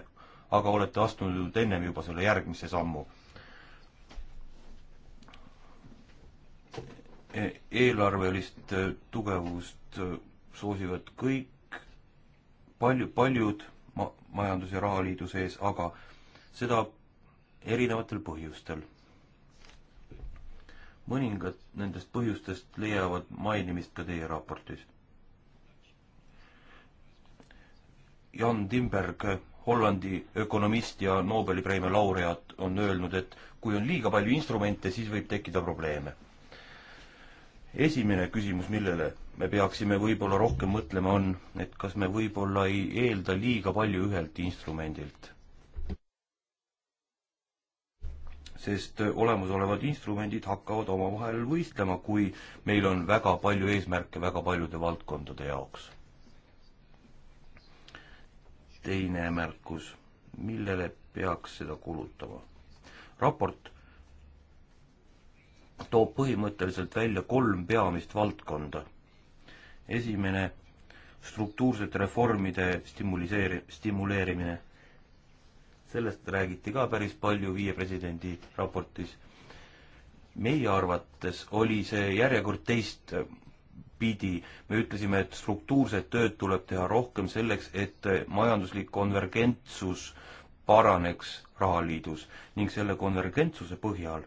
aga olete astunud ennem juba selle järgmise sammu E, eelarvelist e, tugevust e, soosivad kõik palju, paljud ma-, majandus- ja rahaliidu sees, aga seda erinevatel põhjustel. mõningad nendest põhjustest leiavad mainimist ka teie raportis. Jan Timberg, Hollandi ökonomist ja Nobeli preemia laureaat, on öelnud, et kui on liiga palju instrumente, siis võib tekkida probleeme esimene küsimus, millele me peaksime võib-olla rohkem mõtlema, on, et kas me võib-olla ei eelda liiga palju ühelt instrumendilt. sest olemasolevad instrumendid hakkavad omavahel võistlema, kui meil on väga palju eesmärke väga paljude valdkondade jaoks. teine märkus, millele peaks seda kulutama? raport toob põhimõtteliselt välja kolm peamist valdkonda. esimene, struktuursete reformide stimuliseeri-, stimuleerimine. sellest räägiti ka päris palju viie presidendi raportis. meie arvates oli see järjekord teistpidi. me ütlesime, et struktuurset tööd tuleb teha rohkem selleks, et majanduslik konvergentsus paraneks rahaliidus ning selle konvergentsuse põhjal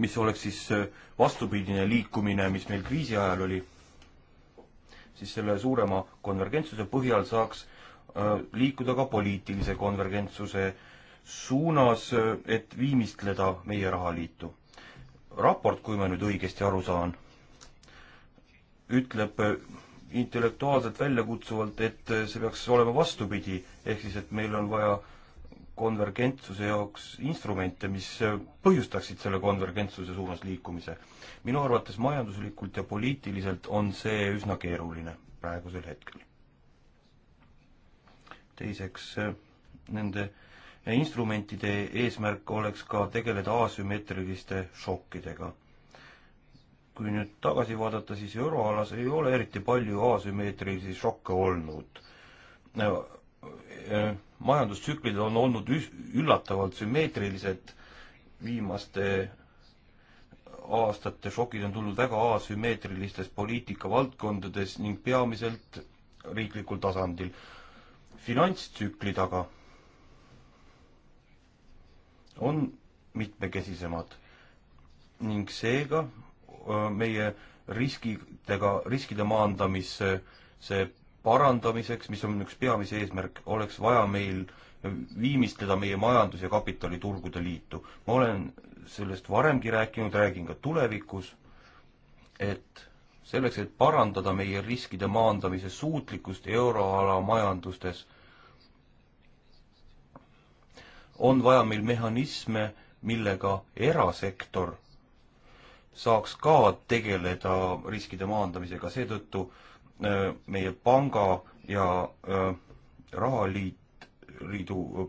mis oleks siis äh, vastupidine liikumine, mis meil kriisi ajal oli, siis selle suurema konvergentsuse põhjal saaks äh, liikuda ka poliitilise konvergentsuse suunas, äh, et viimistleda meie rahaliitu. raport, kui ma nüüd õigesti aru saan, ütleb intellektuaalselt väljakutsuvalt, et see peaks olema vastupidi, ehk siis, et meil on vaja äh, konvergentsuse jaoks instrumente, mis põhjustaksid selle konvergentsuse suunas liikumise. minu arvates majanduslikult ja poliitiliselt on see üsna keeruline praegusel hetkel. teiseks, nende instrumentide eesmärk oleks ka tegeleda asümmeetriliste šokkidega. kui nüüd tagasi vaadata, siis euroalas ei ole eriti palju asümmeetrilisi šokke olnud no, äh, äh, majandustsüklid on olnud üllatavalt sümmeetrilised, viimaste aastate šokid on tulnud väga asümmeetrilistes poliitikavaldkondades ning peamiselt riiklikul tasandil. finantstsüklid aga on mitmekesisemad ning seega meie riskidega, riskide maandamise see parandamiseks, mis on üks peamisi eesmärk, oleks vaja meil viimistleda meie majandus- ja kapitaliturgude liitu. ma olen sellest varemgi rääkinud, räägin ka tulevikus, et selleks, et parandada meie riskide maandamise suutlikkust euroala majandustes, on vaja meil mehhanisme, millega erasektor saaks ka tegeleda riskide maandamisega, seetõttu äh, Äh, meie panga ja äh, rahaliit, liidu äh,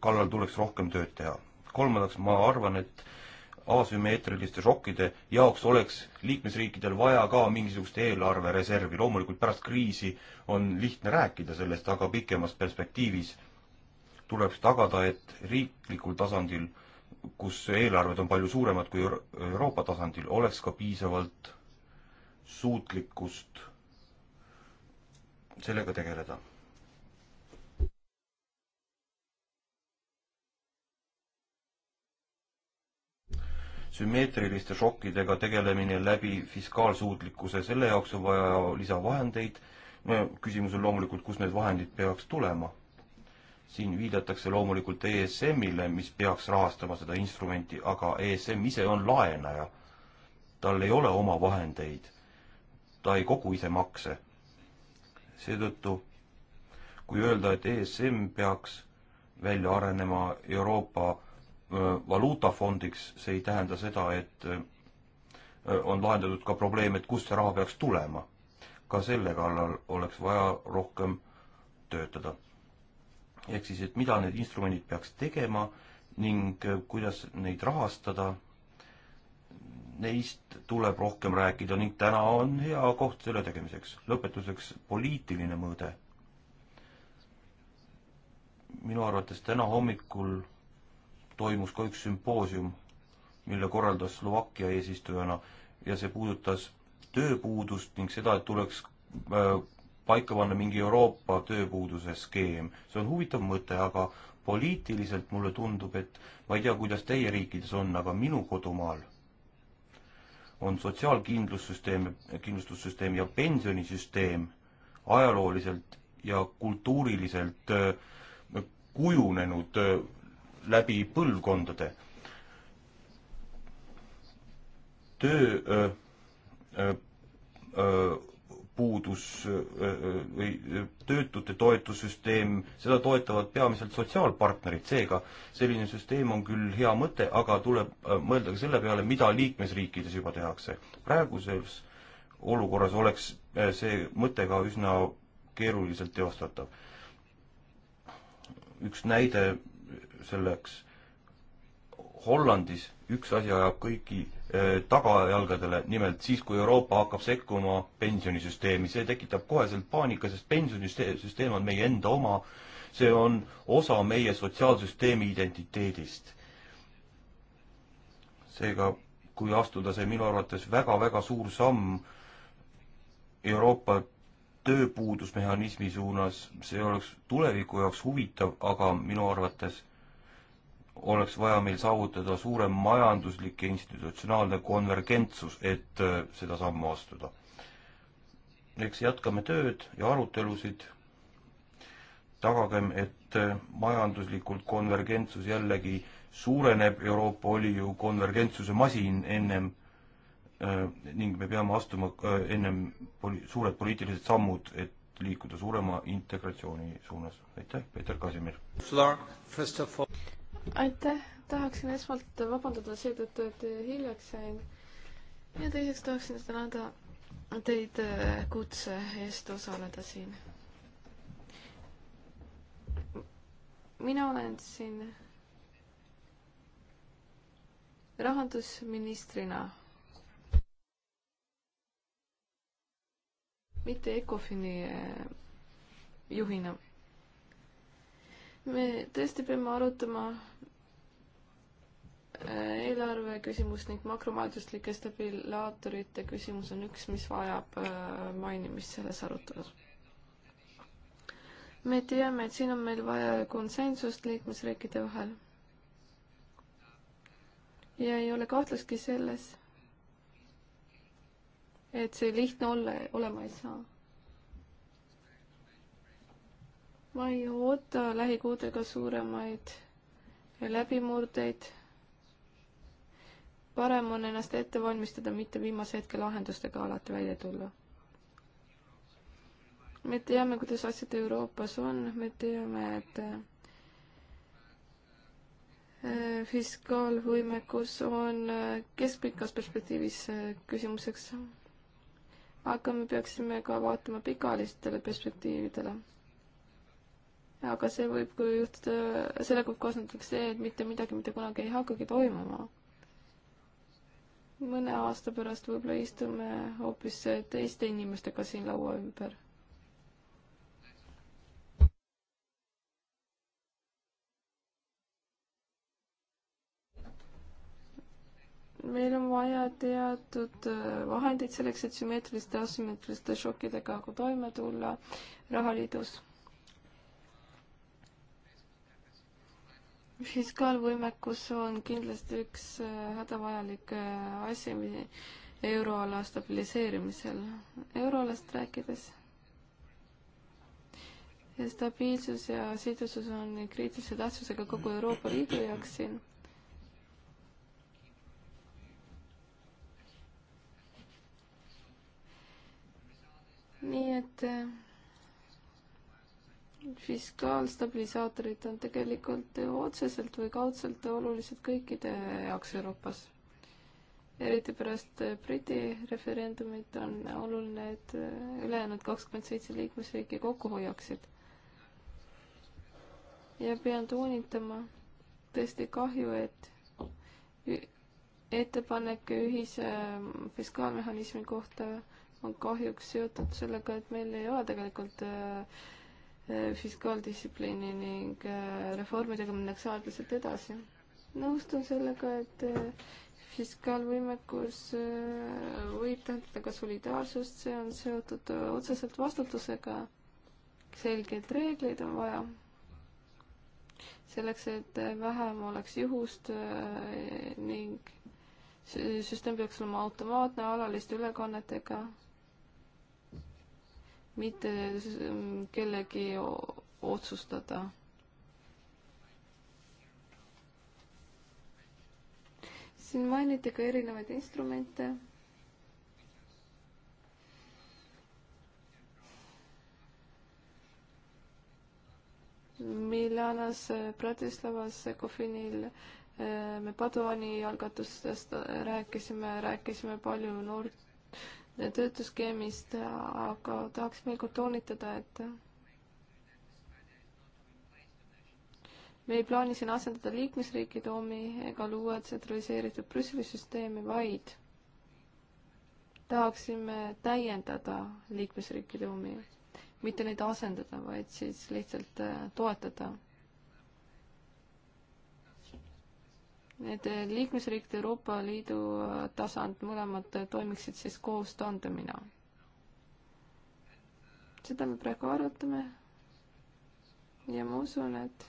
kallal tuleks rohkem tööd teha. kolmandaks, ma arvan, et asümmeetriliste šokkide jaoks oleks liikmesriikidel vaja ka mingisugust eelarvereservi. loomulikult pärast kriisi on lihtne rääkida sellest, aga pikemas perspektiivis tuleb tagada, et riiklikul tasandil, kus eelarved on palju suuremad kui Euroopa tasandil, oleks ka piisavalt suutlikkust sellega tegeleda. sümmeetriliste šokkidega tegelemine läbi fiskaalsuutlikkuse, selle jaoks on vaja lisavahendeid. no küsimus on loomulikult, kust need vahendid peaks tulema. siin viidatakse loomulikult ESM-ile, mis peaks rahastama seda instrumenti, aga ESM ise on laenaja. tal ei ole oma vahendeid. ta ei kogu ise makse seetõttu kui öelda, et ESM peaks välja arenema Euroopa valuutafondiks, see ei tähenda seda, et on lahendatud ka probleem, et kust see raha peaks tulema. ka selle kallal oleks vaja rohkem töötada. ehk siis, et mida need instrumendid peaks tegema ning kuidas neid rahastada neist tuleb rohkem rääkida ning täna on hea koht selle tegemiseks. lõpetuseks poliitiline mõõde. minu arvates täna hommikul toimus ka üks sümpoosium, mille korraldas Slovakkia eesistujana ja see puudutas tööpuudust ning seda, et tuleks äh, paika panna mingi Euroopa tööpuuduse skeem. see on huvitav mõte, aga poliitiliselt mulle tundub, et ma ei tea, kuidas teie riikides on, aga minu kodumaal on sotsiaalkindlustussüsteem, kindlustussüsteem ja pensionisüsteem ajalooliselt ja kultuuriliselt äh, kujunenud äh, läbi põlvkondade. töö öö, äh, öö, puudus või töötute toetussüsteem, seda toetavad peamiselt sotsiaalpartnerid, seega selline süsteem on küll hea mõte, aga tuleb mõelda ka selle peale, mida liikmesriikides juba tehakse. praeguses olukorras oleks see mõte ka üsna keeruliselt teostatav. üks näide selleks, Hollandis üks asi ajab kõiki Äh, tagajalgadele, nimelt siis, kui Euroopa hakkab sekkuma pensionisüsteemi, see tekitab koheselt paanika, sest pensionisüsteem on meie enda oma, see on osa meie sotsiaalsüsteemi identiteedist. seega, kui astuda see minu arvates väga-väga suur samm Euroopa tööpuudusmehhanismi suunas, see oleks tuleviku jaoks huvitav, aga minu arvates oleks vaja meil saavutada suurem majanduslik ja institutsionaalne konvergentsus, et äh, seda sammu astuda. eks jätkame tööd ja arutelusid, tagagem, et äh, majanduslikult konvergentsus jällegi suureneb, Euroopa oli ju konvergentsuse masin ennem äh, ning me peame astuma ennem poli-, suured poliitilised sammud, et liikuda suurema integratsiooni suunas. aitäh, Peeter Kasimir! aitäh, tahaksin esmalt vabandada seetõttu, et hiljaks jäin. ja teiseks tahaksin tänada teid äh, kutse eest osaleda siin. mina olen siin rahandusministrina. mitte Ecofini äh, juhina me tõesti peame arutama äh, eelarve küsimus ning makromajanduslike stabiilaatorite küsimus on üks, mis vajab äh, mainimist selles arutelus. me teame, et siin on meil vaja konsensust liikmesriikide vahel. ja ei ole kahtlustki selles, et see lihtne olla, olema ei saa ma ei oota lähikuudega suuremaid läbimurdeid. parem on ennast ette valmistada, mitte viimase hetke lahendustega alati välja tulla. me teame, kuidas asjad Euroopas on, me teame, et äh, fiskaalvõimekus on äh, keskpikas perspektiivis äh, küsimuseks. aga me peaksime ka vaatama pikaajalistele perspektiividele aga see võib ka juhtuda, sellega võib kaasneda ka see, et mitte midagi mitte kunagi ei hakkagi toimuma. mõne aasta pärast võib-olla istume hoopis teiste inimestega siin laua ümber. meil on vaja teatud äh, vahendeid selleks, et sümmeetriliste, asümmeetriliste šokkidega ka toime tulla rahaliidus fiskaalvõimekus on kindlasti üks äh, hädavajalik äh, asi euroala stabiliseerimisel. euroalast rääkides ja stabiilsus ja sidusus on kriitilise tähtsusega kogu Euroopa Liidu jaoks siin. nii et äh, fiskaalstabilisaatorid on tegelikult otseselt või kaudselt olulised kõikide jaoks Euroopas. eriti pärast eh, Briti referendumit on oluline, et eh, ülejäänud kakskümmend seitse liikmesriiki kokku hoiaksid. ja pean toonitama, tõesti kahju, et ettepanek ühise mm, fiskaalmehhanismi kohta on kahjuks seotud sellega, et meil ei ole tegelikult äh, Äh, fiskaaldistsipliini ning äh, reformidega minnakse aeglaselt edasi. nõustun sellega, et äh, fiskaalvõimekus võib tähendada ka solidaarsust, see on seotud otseselt vastutusega. selgeid reegleid on vaja selleks, et vähem oleks juhust ning süsteem peaks olema automaatne alaliste ülekannetega mitte kellegi otsustada. siin mainiti ka erinevaid instrumente. Milanas, eh, Bratislavas, Kofinil eh, me Padovani algatustest eh, rääkisime, rääkisime palju noort töötuskeemist, aga tahaks veel kord toonitada, et me ei plaani siin asendada liikmesriikide omi ega luua tsentraliseeritud Brüsseli süsteemi, vaid tahaksime täiendada liikmesriikide omi, mitte neid asendada, vaid siis lihtsalt äh, toetada et äh, liikmesriikide Euroopa Liidu äh, tasand mõlemad äh, toimiksid siis koos taandumina. seda me praegu arutame ja ma usun, et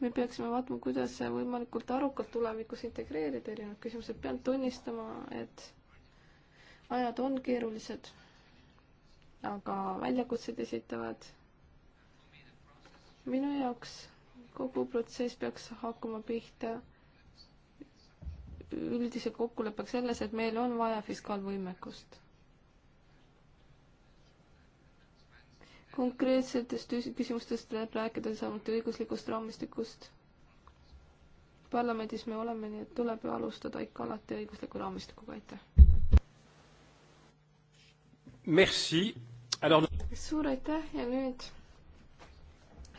me peaksime vaatama, kuidas võimalikult arukalt tulevikus integreerida erinevad küsimused, pean tunnistama, et ajad on keerulised, aga väljakutsed esitavad minu jaoks kogu protsess peaks hakkama pihta üldise kokkuleppega selles, et meil on vaja fiskaalvõimekust. konkreetsetest küsimustest tuleb rääkida samuti õiguslikust raamistikust. parlamendis me oleme, nii et tuleb ju alustada ikka alati õigusliku raamistikuga, aitäh. Merci. suur aitäh ja nüüd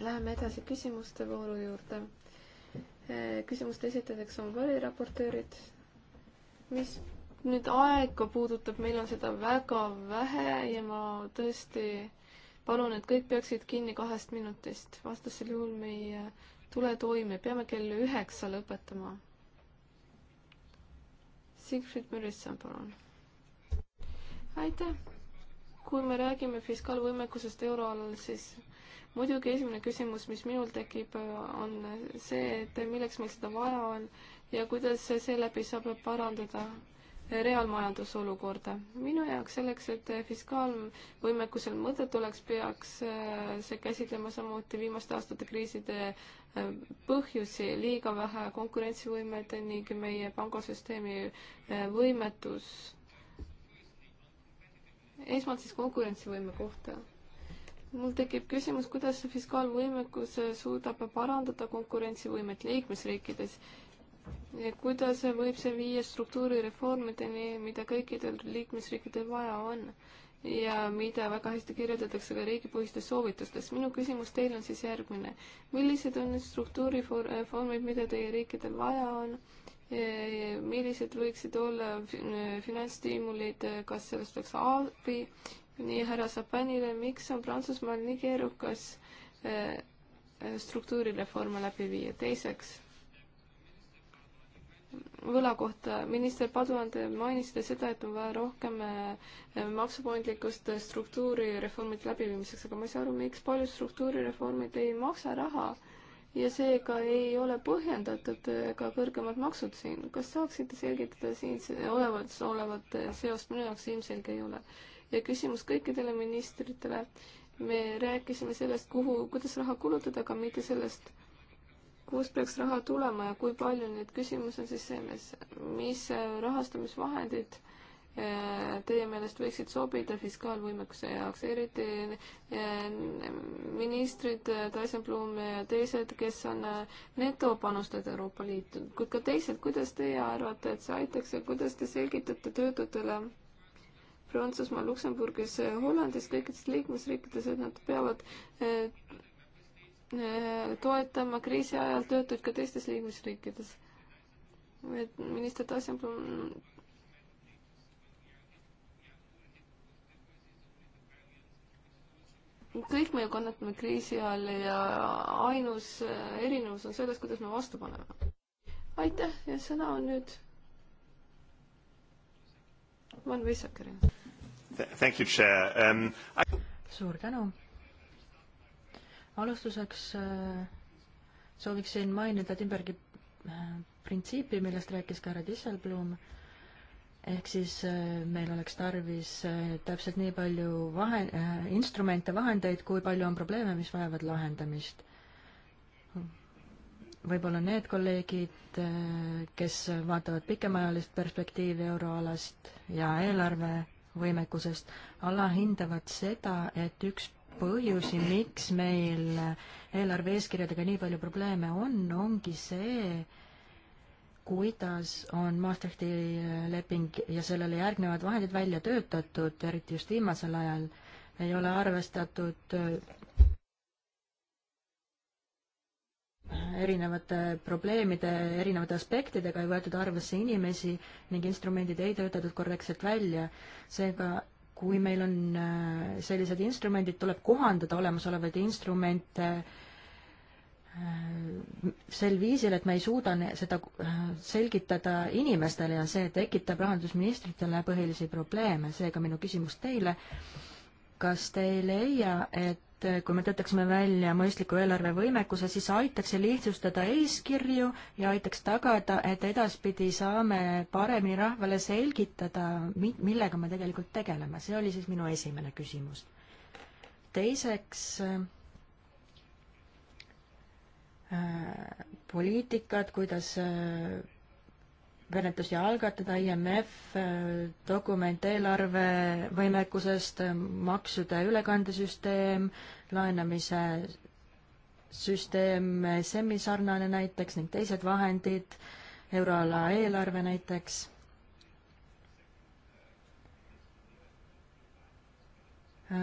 Läheme edasi küsimuste vooru juurde. Äh, küsimuste esitajateks on variraportöörid. mis nüüd aega puudutab, meil on seda väga vähe ja ma tõesti palun, et kõik peaksid kinni kahest minutist, vastasel juhul me ei äh, tule toime, peame kell üheksa lõpetama. Siegfried Mürisson, palun. aitäh. kui me räägime fiskaalvõimekusest euroalal, siis muidugi esimene küsimus, mis minul tekib, on see, et milleks meil seda vaja on ja kuidas seeläbi saab parandada reaalmajanduse olukorda. minu jaoks selleks, et fiskaalvõimekusel mõtet oleks, peaks see käsitlema samuti viimaste aastate kriiside äh, põhjusi, liiga vähe konkurentsivõimet ning meie pangasüsteemi äh, võimetus. esmalt siis konkurentsivõime kohta mul tekib küsimus, kuidas see fiskaalvõimekus äh, suudab parandada konkurentsivõimet liikmesriikides ja kuidas äh, võib see viia struktuurireformideni, mida kõikidel liikmesriikidel vaja on ja mida väga hästi kirjeldatakse ka riigipõhistes soovitustes. minu küsimus teile on siis järgmine. millised on need struktuurireformid, mida teie riikidel vaja on? millised võiksid olla äh, finantsstiimulid, kas sellest peaks abi nii härra Sapanile, miks on Prantsusmaal nii keerukas eh, eh, struktuurireforme läbi viia, teiseks võla kohta, minister Paduan, te mainisite seda, et on vaja rohkem eh, maksupondlikkust struktuurireformide läbiviimiseks, aga ma ei saa aru, miks paljud struktuurireformid ei maksa raha ja seega ei ole põhjendatud ka kõrgemad maksud siin. kas saaksite selgitada siin olevat, olevat seost, minu jaoks ilmselge ei ole ja küsimus kõikidele ministritele. me rääkisime sellest, kuhu, kuidas raha kulutada, aga mitte sellest, kust peaks raha tulema ja kui palju, nii et küsimus on siis selles, mis rahastamisvahendid äh, teie meelest võiksid sobida fiskaalvõimekuse jaoks, eriti äh, ministrid, äh, Taisenblum ja teised, kes on netopanustajad Euroopa Liitu, kuid ka teised, kuidas teie arvate, et see aitaks ja kuidas te selgitate töötutele Prantsusmaal, Luksemburgis, Hollandis, kõikides liikmesriikides, et nad peavad eh, eh, toetama kriisi ajal töötuid ka teistes liikmesriikides. et minister Tassenblom kõik me ju kannatame kriisi all ja ainus eh, erinevus on selles, kuidas me vastu paneme. aitäh ja sõna on nüüd Van Vissakeril. Thank you, Chair um,. I... suur tänu. alustuseks äh, sooviksin mainida Timbergi äh, printsiipi, millest rääkis ka härra Disselblum, ehk siis äh, meil oleks tarvis täpselt nii palju vahe, instrumente, vahendeid, kui palju on probleeme, mis vajavad lahendamist. võib-olla need kolleegid, kes vaatavad pikemaajalist perspektiivi euroalast ja eelarve võimekusest, alahindavad seda, et üks põhjusi, miks meil eelarve eeskirjadega nii palju probleeme on, ongi see, kuidas on Maastrichti leping ja sellele järgnevad vahendid välja töötatud, eriti just viimasel ajal. ei ole arvestatud erinevate probleemide, erinevate aspektidega ei võetud arvesse inimesi ning instrumendid ei töötatud korrektselt välja. seega kui meil on äh, sellised instrumendid, tuleb kohandada olemasolevaid instrumente äh, sel viisil, et me ei suuda seda äh, selgitada inimestele ja see tekitab rahandusministritele põhilisi probleeme, seega minu küsimus teile, kas te ei leia, et kui me töötaksime välja mõistliku eelarvevõimekuse, siis aitaks see lihtsustada eeskirju ja aitaks tagada, et edaspidi saame paremini rahvale selgitada, mi-, millega me tegelikult tegeleme. see oli siis minu esimene küsimus. teiseks äh,, poliitikad, kuidas äh, menetlusi algatada, IMF äh, dokument eelarve võimekusest, äh, maksude ülekandesüsteem, laenamise süsteem, äh, SEM-i sarnane näiteks ning teised vahendid, euroala eelarve näiteks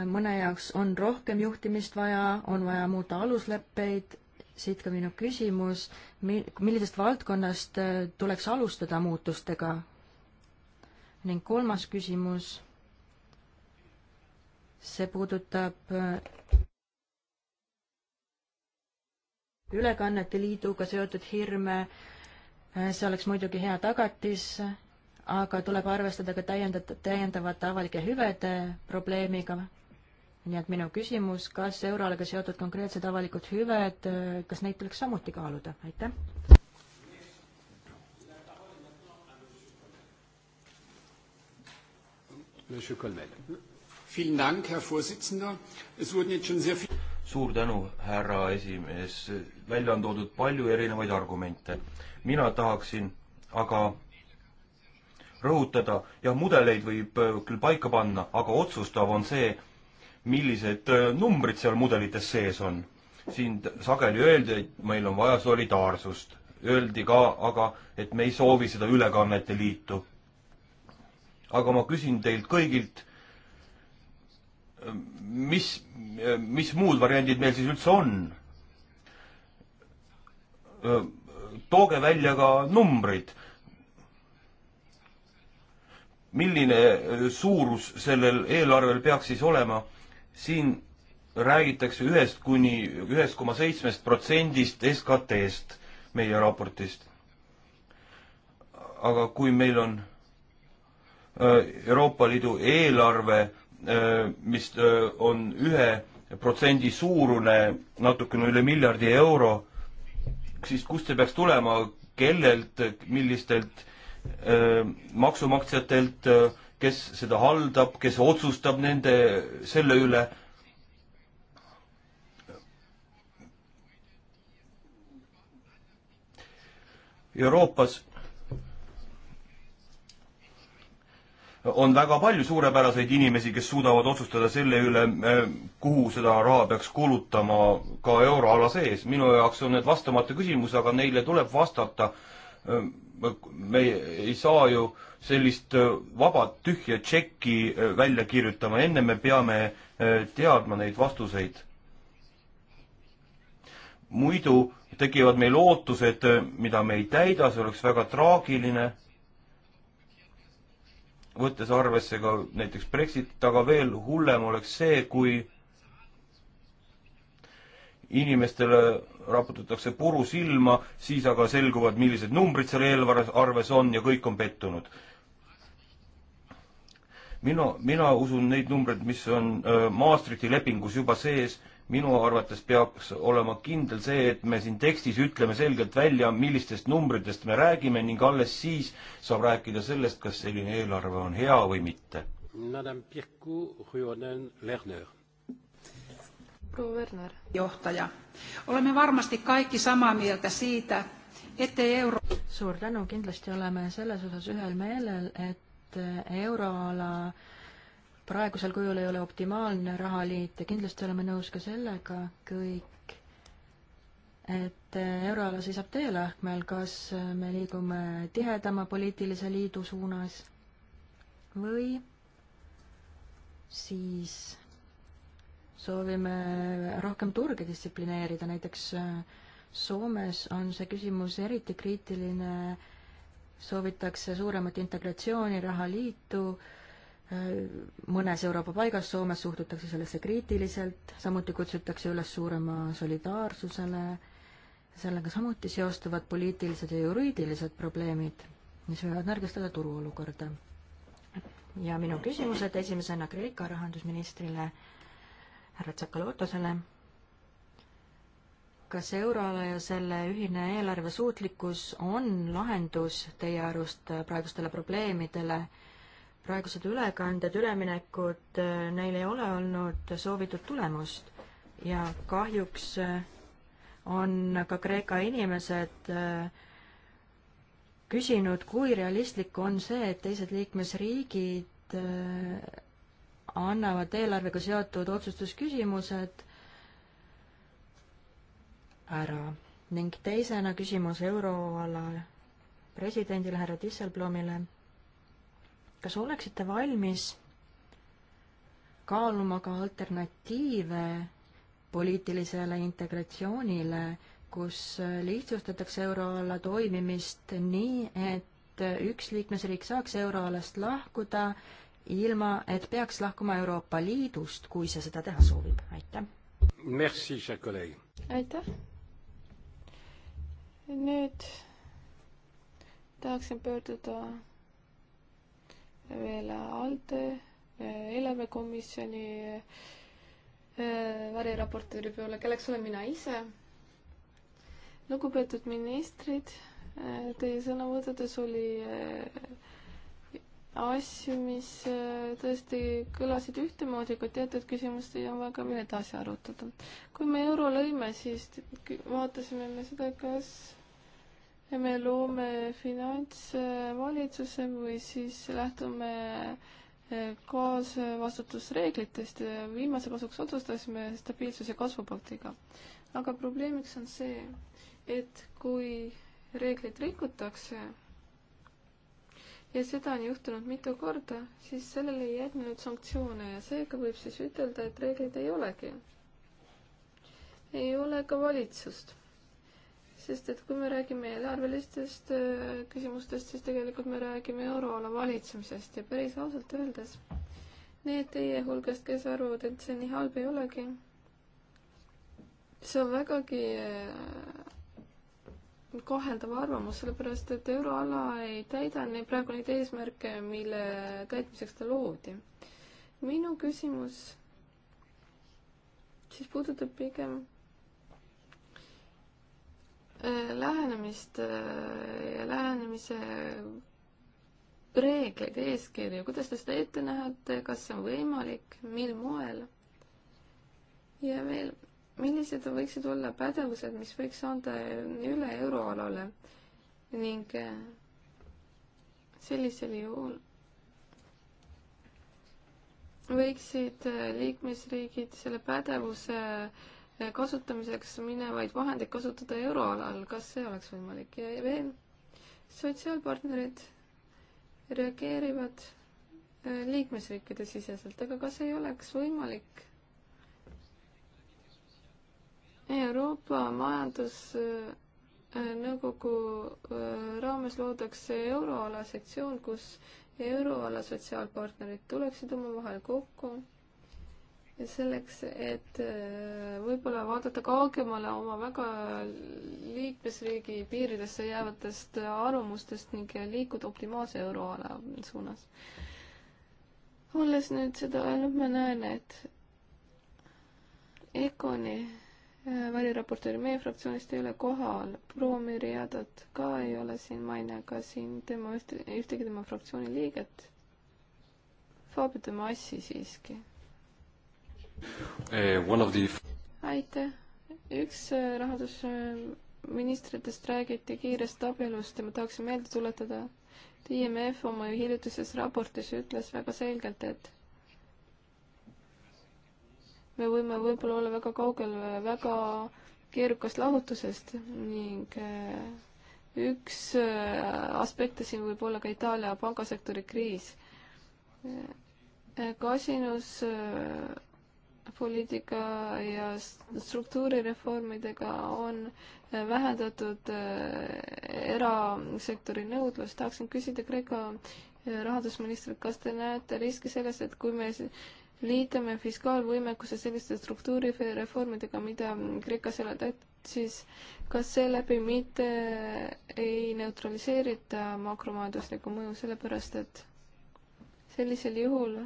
mõne jaoks on rohkem juhtimist vaja, on vaja muuta alusleppeid siit ka minu küsimus, mi-, millisest valdkonnast äh, tuleks alustada muutustega? ning kolmas küsimus, see puudutab äh, ülekannete liiduga seotud hirme, äh, see oleks muidugi hea tagatis, aga tuleb arvestada ka täiendat-, täiendavate avalike hüvede probleemiga nii et minu küsimus, kas euroalaga seotud konkreetsed avalikud hüved, äh, kas neid tuleks samuti kaaluda, aitäh? suur tänu, härra esimees, välja on toodud palju erinevaid argumente. mina tahaksin aga rõhutada, jah, mudeleid võib äh, küll paika panna, aga otsustav on see, millised äh, numbrid seal mudelites sees on. siin sageli öeldi, et meil on vaja solidaarsust. Öeldi ka aga, et me ei soovi seda ülekannete liitu. aga ma küsin teilt kõigilt, mis, mis muud variandid meil siis üldse on? tooge välja ka numbrid milline äh, suurus sellel eelarvel peaks siis olema siin räägitakse ühest kuni ühest koma seitsmest protsendist SKT-st meie raportist. aga kui meil on äh, Euroopa Liidu eelarve, äh, mis äh, on ühe protsendi suurune, natukene üle miljardi euro, siis kust see peaks tulema, kellelt, millistelt maksumaksjatelt, kes seda haldab, kes otsustab nende, selle üle. Euroopas on väga palju suurepäraseid inimesi, kes suudavad otsustada selle üle, kuhu seda raha peaks kulutama ka euroala sees. minu jaoks on need vastamata küsimus, aga neile tuleb vastata me ei saa ju sellist äh, vabat tühja tšekki äh, välja kirjutama, enne me peame äh, teadma neid vastuseid. muidu tekivad meil ootused, mida me ei täida, see oleks väga traagiline, võttes arvesse ka näiteks Brexitit, aga veel hullem oleks see, kui inimestele raputatakse puru silma, siis aga selguvad, millised numbrid seal eelarves on ja kõik on pettunud. minu, mina usun neid numbreid, mis on äh, Maastrichti lepingus juba sees, minu arvates peaks olema kindel see, et me siin tekstis ütleme selgelt välja, millistest numbritest me räägime ning alles siis saab rääkida sellest, kas selline eelarve on hea või mitte. Madame Pirku, Ruonen, Lerner proua Werner. johtaja, oleme varmasti kaikki sama meeltä siitä, ettei euro. suur tänu, kindlasti oleme selles osas ühel meelel, et euroala praegusel kujul ei ole optimaalne rahaliit ja kindlasti oleme nõus ka sellega kõik, et euroala seisab teelahkmel, kas me liigume tihedama poliitilise liidu suunas või siis soovime rohkem turge distsiplineerida, näiteks äh, Soomes on see küsimus eriti kriitiline, soovitakse suuremat integratsiooni, rahaliitu, äh, mõnes Euroopa paigas Soomes suhtutakse sellesse kriitiliselt, samuti kutsutakse üles suurema solidaarsusele, sellega samuti seostuvad poliitilised ja juriidilised probleemid, mis võivad nõrgestada turuolukorda. ja minu küsimused esimesena Kreeka rahandusministrile äh, härra Tsakalootosele. kas euroala ja selle ühine eelarve suutlikkus on lahendus teie arust praegustele probleemidele? praegused ülekanded, üleminekud, neil ei ole olnud soovitud tulemust ja kahjuks on ka Kreeka inimesed äh, küsinud, kui realistlik on see, et teised liikmesriigid äh, annavad eelarvega seotud otsustusküsimused ära ning teisena küsimus euroala presidendile härra Disselblomile. kas oleksite valmis kaaluma ka alternatiive poliitilisele integratsioonile, kus lihtsustatakse euroala toimimist nii, et üks liikmesriik saaks euroalast lahkuda ilma et peaks lahkuma Euroopa Liidust, kui see seda teha soovib, aitäh. Merci, cher kolleeg. aitäh. nüüd tahaksin pöörduda veel ALDE eh, eelarvekomisjoni eh, variraportööri peale, kelleks olen mina ise. lugupeetud ministrid, eh, teie sõnavõttudes oli äh, asju, mis äh, tõesti kõlasid ühtemoodi, kuid teatud küsimusi on väga veel edasi arutada. kui me euro lõime, siis vaatasime me seda, kas me loome finantsvalitsuse või siis lähtume äh, kaasvastutusreeglitest ja viimase kasuks otsustasime stabiilsuse kasvupaktiga. aga probleemiks on see, et kui reegleid rikutakse, ja seda on juhtunud mitu korda, siis sellele ei järgnenud sanktsioone ja seega võib siis ütelda, et reegleid ei olegi. ei ole ka valitsust. sest et kui me räägime eelarvelistest äh, küsimustest, siis tegelikult me räägime euroala valitsemisest ja päris ausalt öeldes, need teie hulgast, kes arvavad, et see nii halb ei olegi, see on vägagi äh, kaheldav arvamus, sellepärast et euroala ei täida nii praegu neid eesmärke, mille täitmiseks ta loodi. minu küsimus siis puudutab pigem äh, lähenemist äh, ja lähenemise reegleid, eeskirju, kuidas te seda ette näete, kas see on võimalik, mil moel? ja veel millised võiksid olla pädevused, mis võiks anda üle euroalale ning äh, sellisel juhul võiksid äh, liikmesriigid selle pädevuse äh, kasutamiseks minevaid vahendeid kasutada euroalal, kas see oleks võimalik ja veel sotsiaalpartnerid reageerivad liikmesriikide siseselt, aga kas ei oleks võimalik Euroopa Majandusnõukogu äh, raames loodakse euroala sektsioon, kus euroala sotsiaalpartnerid tuleksid omavahel kokku selleks, et äh, võib-olla vaadata kaugemale oma väga liikmesriigi piiridesse jäävatest arvamustest ning liikuda optimaalse euroala suunas. olles nüüd seda öelnud, ma näen, et Econi väliraportööri meie fraktsioonist ei ole kohal, proua Müüri Adat ka ei ole siin, Maine ka siin, tema ühte, ühtegi tema fraktsiooni liiget. Fabio de Massi siiski uh,. The... aitäh, üks äh, rahandusministritest räägiti kiirest abielust ja ma tahaksin meelde tuletada, et IMF oma hiljutises raportis ütles väga selgelt, et me võime võib-olla olla väga kaugel äh, väga keerukast lahutusest ning äh, üks äh, aspekte siin võib olla ka Itaalia pangasektori kriis. kasinus poliitika ja struktuurireformidega on vähendatud erasektori nõudlust. tahaksin küsida Kreeka rahandusministrilt, kas te näete riski selles, et kui me liidame fiskaalvõimekuse selliste struktuurireformidega, mida Kreekas elada, et siis kas seeläbi mitte ei neutraliseerita makromajanduslikku mõju, sellepärast et sellisel juhul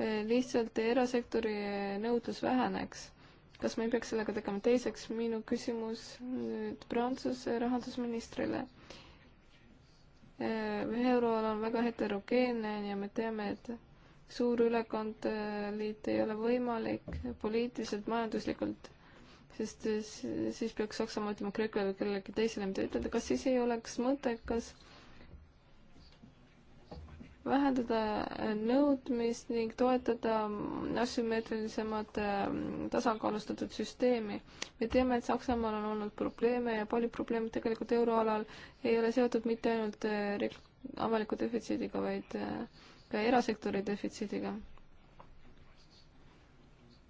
eh, lihtsalt erasektori nõudlus väheneks. kas me ei peaks sellega tegema? teiseks minu küsimus nüüd Prantsuse rahandusministrile eh, euroala on väga heterogeenne ja me teame, et suur ülekandeliit äh, ei ole võimalik poliitiliselt, majanduslikult, sest siis peaks Saksamaa ütlema Kreekale või kellelegi teisele, mida ütelda, kas siis ei oleks mõttekas vähendada nõudmist ning toetada asümmeetrilisemat äh, tasakaalustatud süsteemi. me teame, et Saksamaal on olnud probleeme ja paljud probleemid tegelikult euroalal ei ole seotud mitte ainult äh, avaliku defitsiidiga, vaid ka erasektori defitsiidiga.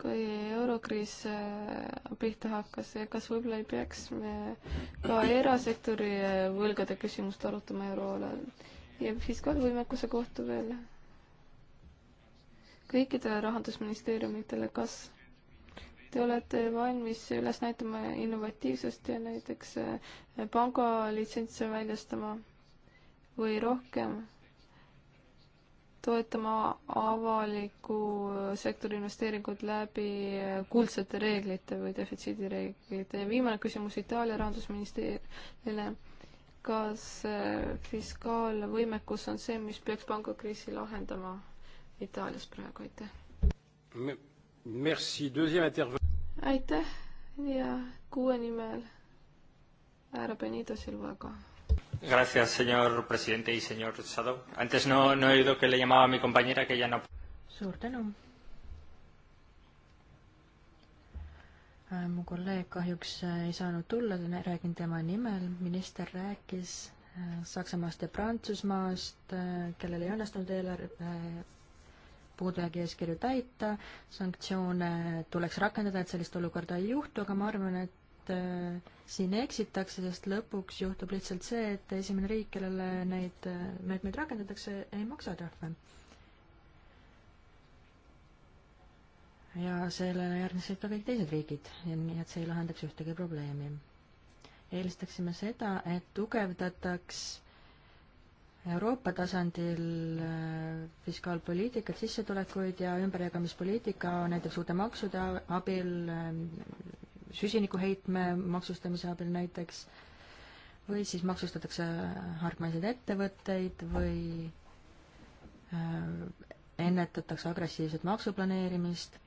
kui eurokriis äh, pihta hakkas, kas võib-olla ei peaks me ka erasektori äh, võlgade küsimust arutama euroala ja fiskaalvõimekuse kohta veel? kõikidele rahandusministeeriumitele, kas te olete valmis üles näitama innovatiivsust ja näiteks äh, pangalitsentse väljastama või rohkem? toetama avaliku sektori investeeringuid läbi kuldsete reeglite või defitsiidireeglite ja viimane küsimus Itaalia rahandusministeeriumile. kas äh, fiskaalvõimekus on see, mis peaks pangakriisi lahendama Itaalias praegu, aitäh? Merci, deuxième intervent-. aitäh ja kuue nimel härra Benito Silvaga Gracias, señor presidente y señor Shadow. Antes no, no he oído que le llamaba a mi compañera que ya no. suur tänu. Äh, mu kolleeg kahjuks äh, ei saanud tulla, räägin tema nimel. minister rääkis äh, Saksamaast ja Prantsusmaast, kellel ei õnnestunud eelarve puudujäägi eeskirju täita, sanktsioone tuleks rakendada, et sellist olukorda ei juhtu, aga ma arvan, et Äh, siin eksitakse, sest lõpuks juhtub lihtsalt see, et esimene riik, kellele neid äh, meetmeid rakendatakse, ei maksa trahve. ja sellele järgnesid ka kõik teised riigid, nii et see ei lahendaks ühtegi probleemi. eelistaksime seda, et tugevdataks Euroopa tasandil äh, fiskaalpoliitikat, sissetulekuid ja ümberjagamispoliitika näiteks uute maksude abil süsinikuheitme maksustamise abil näiteks, või siis maksustatakse hargmaiseid ettevõtteid või äh, ennetatakse agressiivset maksuplaneerimist,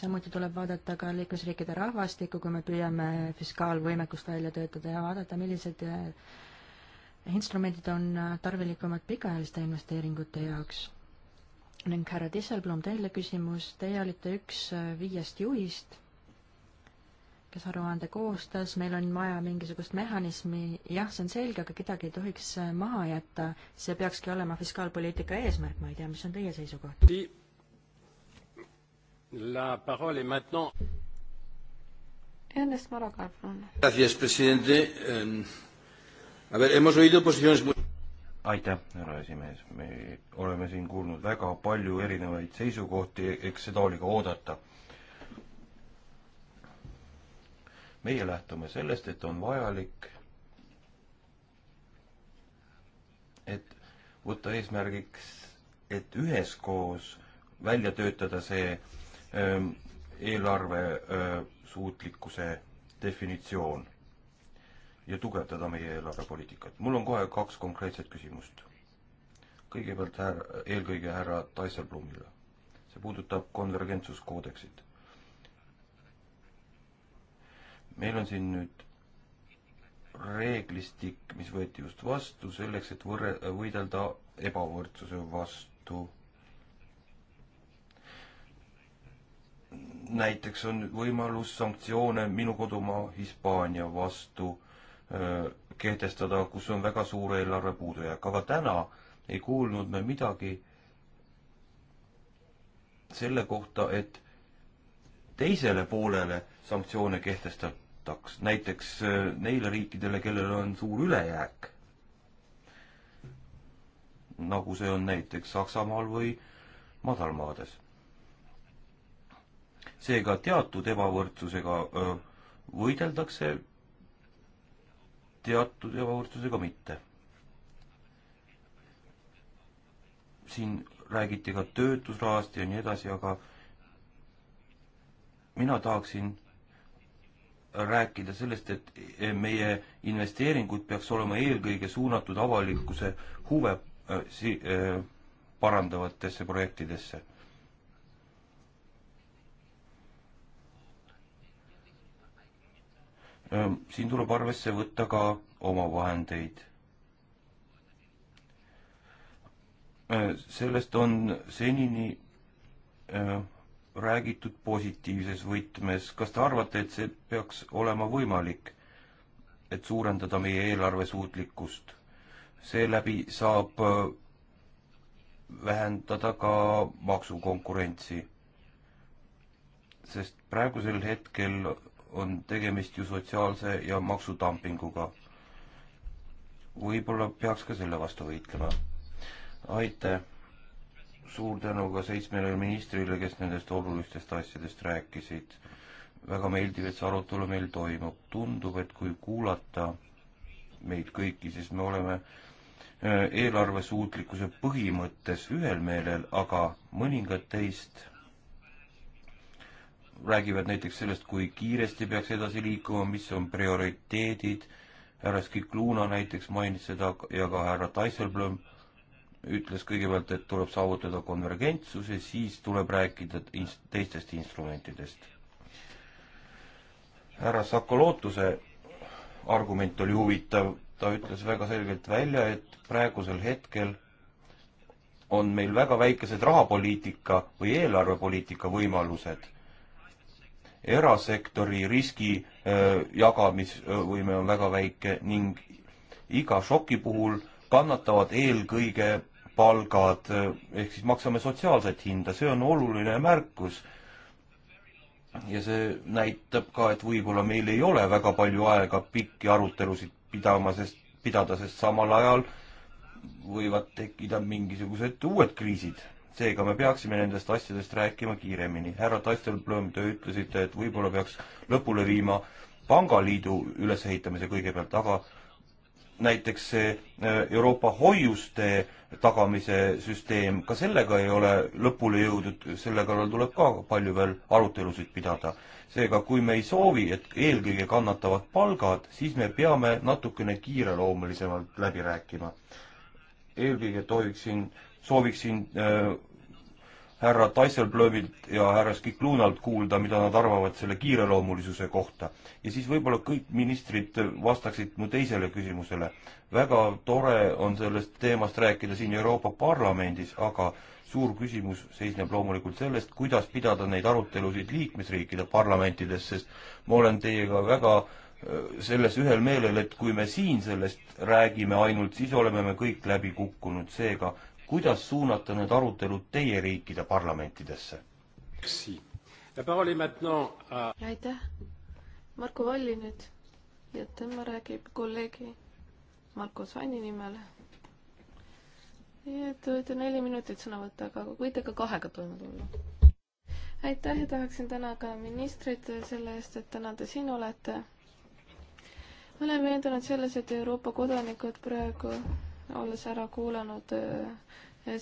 samuti tuleb vaadata ka liikmesriikide rahvastikku, kui me püüame fiskaalvõimekust välja töötada ja vaadata, millised äh, instrumendid on äh, tarvilikumad pikaajaliste investeeringute jaoks ning härra Disselblom, teile küsimus, teie olite üks viiest juhist, kes aruande koostas, meil on vaja mingisugust mehhanismi, jah, see on selge, aga kedagi ei tohiks äh, maha jätta, see peakski olema fiskaalpoliitika eesmärk, ma ei tea, mis on teie seisukoht? La parole est maintenant Ernest Marocal, palun. Gracias, presidente um,. A ver, hemos oído posiciones muy aitäh, härra esimees, me oleme siin kuulnud väga palju erinevaid seisukohti, eks seda oli ka oodata meie lähtume sellest, et on vajalik, et võtta eesmärgiks, et üheskoos välja töötada see ähm, eelarve äh, suutlikkuse definitsioon ja tugevdada meie eelarvepoliitikat. mul on kohe kaks konkreetset küsimust. kõigepealt härra, eelkõige härra Taisselblumile. see puudutab konvergentsuskoodeksit. meil on siin nüüd reeglistik, mis võeti just vastu selleks, et võrre-, võidelda ebavõrdsuse vastu. näiteks on võimalus sanktsioone minu kodumaa Hispaania vastu öö, kehtestada, kus on väga suur eelarve puudujääk, aga täna ei kuulnud me midagi selle kohta, et teisele poolele sanktsioone kehtestab jagataks, näiteks äh, neile riikidele, kellel on suur ülejääk, nagu see on näiteks Saksamaal või madalmaades. seega teatud ebavõrdsusega äh, võideldakse, teatud ebavõrdsusega mitte. siin räägiti ka töötusrahast ja nii edasi, aga mina tahaksin rääkida sellest, et eh, meie investeeringud peaks olema eelkõige suunatud avalikkuse huve äh, si- äh,, parandavatesse projektidesse. Ehm, siin tuleb arvesse võtta ka omavahendeid ehm, sellest on senini äh, räägitud positiivses võtmes, kas te arvate, et see peaks olema võimalik, et suurendada meie eelarve suutlikkust? seeläbi saab äh, vähendada ka maksukonkurentsi, sest praegusel hetkel on tegemist ju sotsiaalse ja maksudumpinguga. võib-olla peaks ka selle vastu võitlema. aitäh! suur tänu ka seitsmele ministrile, kes nendest olulistest asjadest rääkisid. väga meeldiv, et see arutelu meil toimub. tundub, et kui kuulata meid kõiki, siis me oleme äh, eelarvesuutlikkuse põhimõttes ühel meelel, aga mõningad teist räägivad näiteks sellest, kui kiiresti peaks edasi liikuma, mis on prioriteedid, härra Skikluuna näiteks mainis seda ja ka härra Taiselblom ütles kõigepealt, et tuleb saavutada konvergentsus ja siis tuleb rääkida inst-, teistest instrumentidest. härra Sakolotuse argument oli huvitav, ta ütles väga selgelt välja, et praegusel hetkel on meil väga väikesed rahapoliitika või eelarvepoliitika võimalused. erasektori riski äh, jagamisvõime on väga väike ning iga šoki puhul äh, kannatavad eelkõige palgad, eh, ehk siis maksame sotsiaalset hinda, see on oluline märkus. ja see näitab ka, et võib-olla meil ei ole väga palju aega pikki arutelusid pidama, sest, pidada, sest samal ajal võivad tekkida mingisugused uued kriisid. seega me peaksime nendest asjadest rääkima kiiremini. härra Tastelblom, te ütlesite, et võib-olla peaks lõpule viima pangaliidu ülesehitamise kõigepealt, aga näiteks see äh, Euroopa hoiuste tagamise süsteem, ka sellega ei ole lõpule jõudnud, selle kallal tuleb ka palju veel arutelusid pidada. seega, kui me ei soovi, et eelkõige kannatavad palgad, siis me peame natukene kiireloomulisemalt läbi rääkima. eelkõige tohiksin, sooviksin äh, härra Taisselblömilt ja härra Skiklunalt kuulda, mida nad arvavad selle kiireloomulisuse kohta. ja siis võib-olla kõik ministrid vastaksid mu teisele küsimusele. väga tore on sellest teemast rääkida siin Euroopa Parlamendis, aga suur küsimus seisneb loomulikult sellest, kuidas pidada neid arutelusid liikmesriikide parlamentides, sest ma olen teiega väga äh, selles ühel meelel, et kui me siin sellest räägime ainult, siis oleme me kõik läbi kukkunud, seega kuidas suunata need arutelud teie riikide parlamentidesse? aitäh, Marko Valli nüüd ja tema räägib kolleegi Marko Svanni nimel. ja te võite neli minutit sõna võtta, aga võite ka kahega toime tulla. aitäh ja tahaksin täna ka ministrit selle eest, et täna te siin olete. me oleme veendunud selles, et Euroopa kodanikud praegu olles ära kuulanud äh,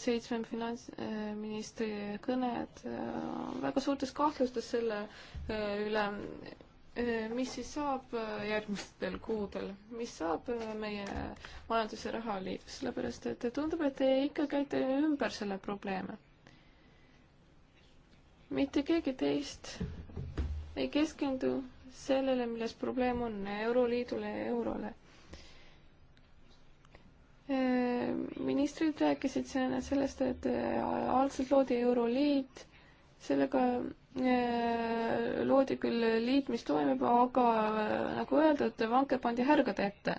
seitsme finantsministri kõned, äh, väga suurtes kahtlustes selle äh, üle, mis siis saab järgmistel kuudel, mis saab meie majandus- ja rahaliidus, sellepärast et tundub, et te ikka käite ümber selle probleemi. mitte keegi teist ei keskendu sellele, milles probleem on, Euroliidule ja eurole Äh, ministrid rääkisid sellest, et äh, algselt loodi Euroliit, sellega äh, loodi küll liit, mis toimib, aga nagu öeldud, vanke pandi härgade ette.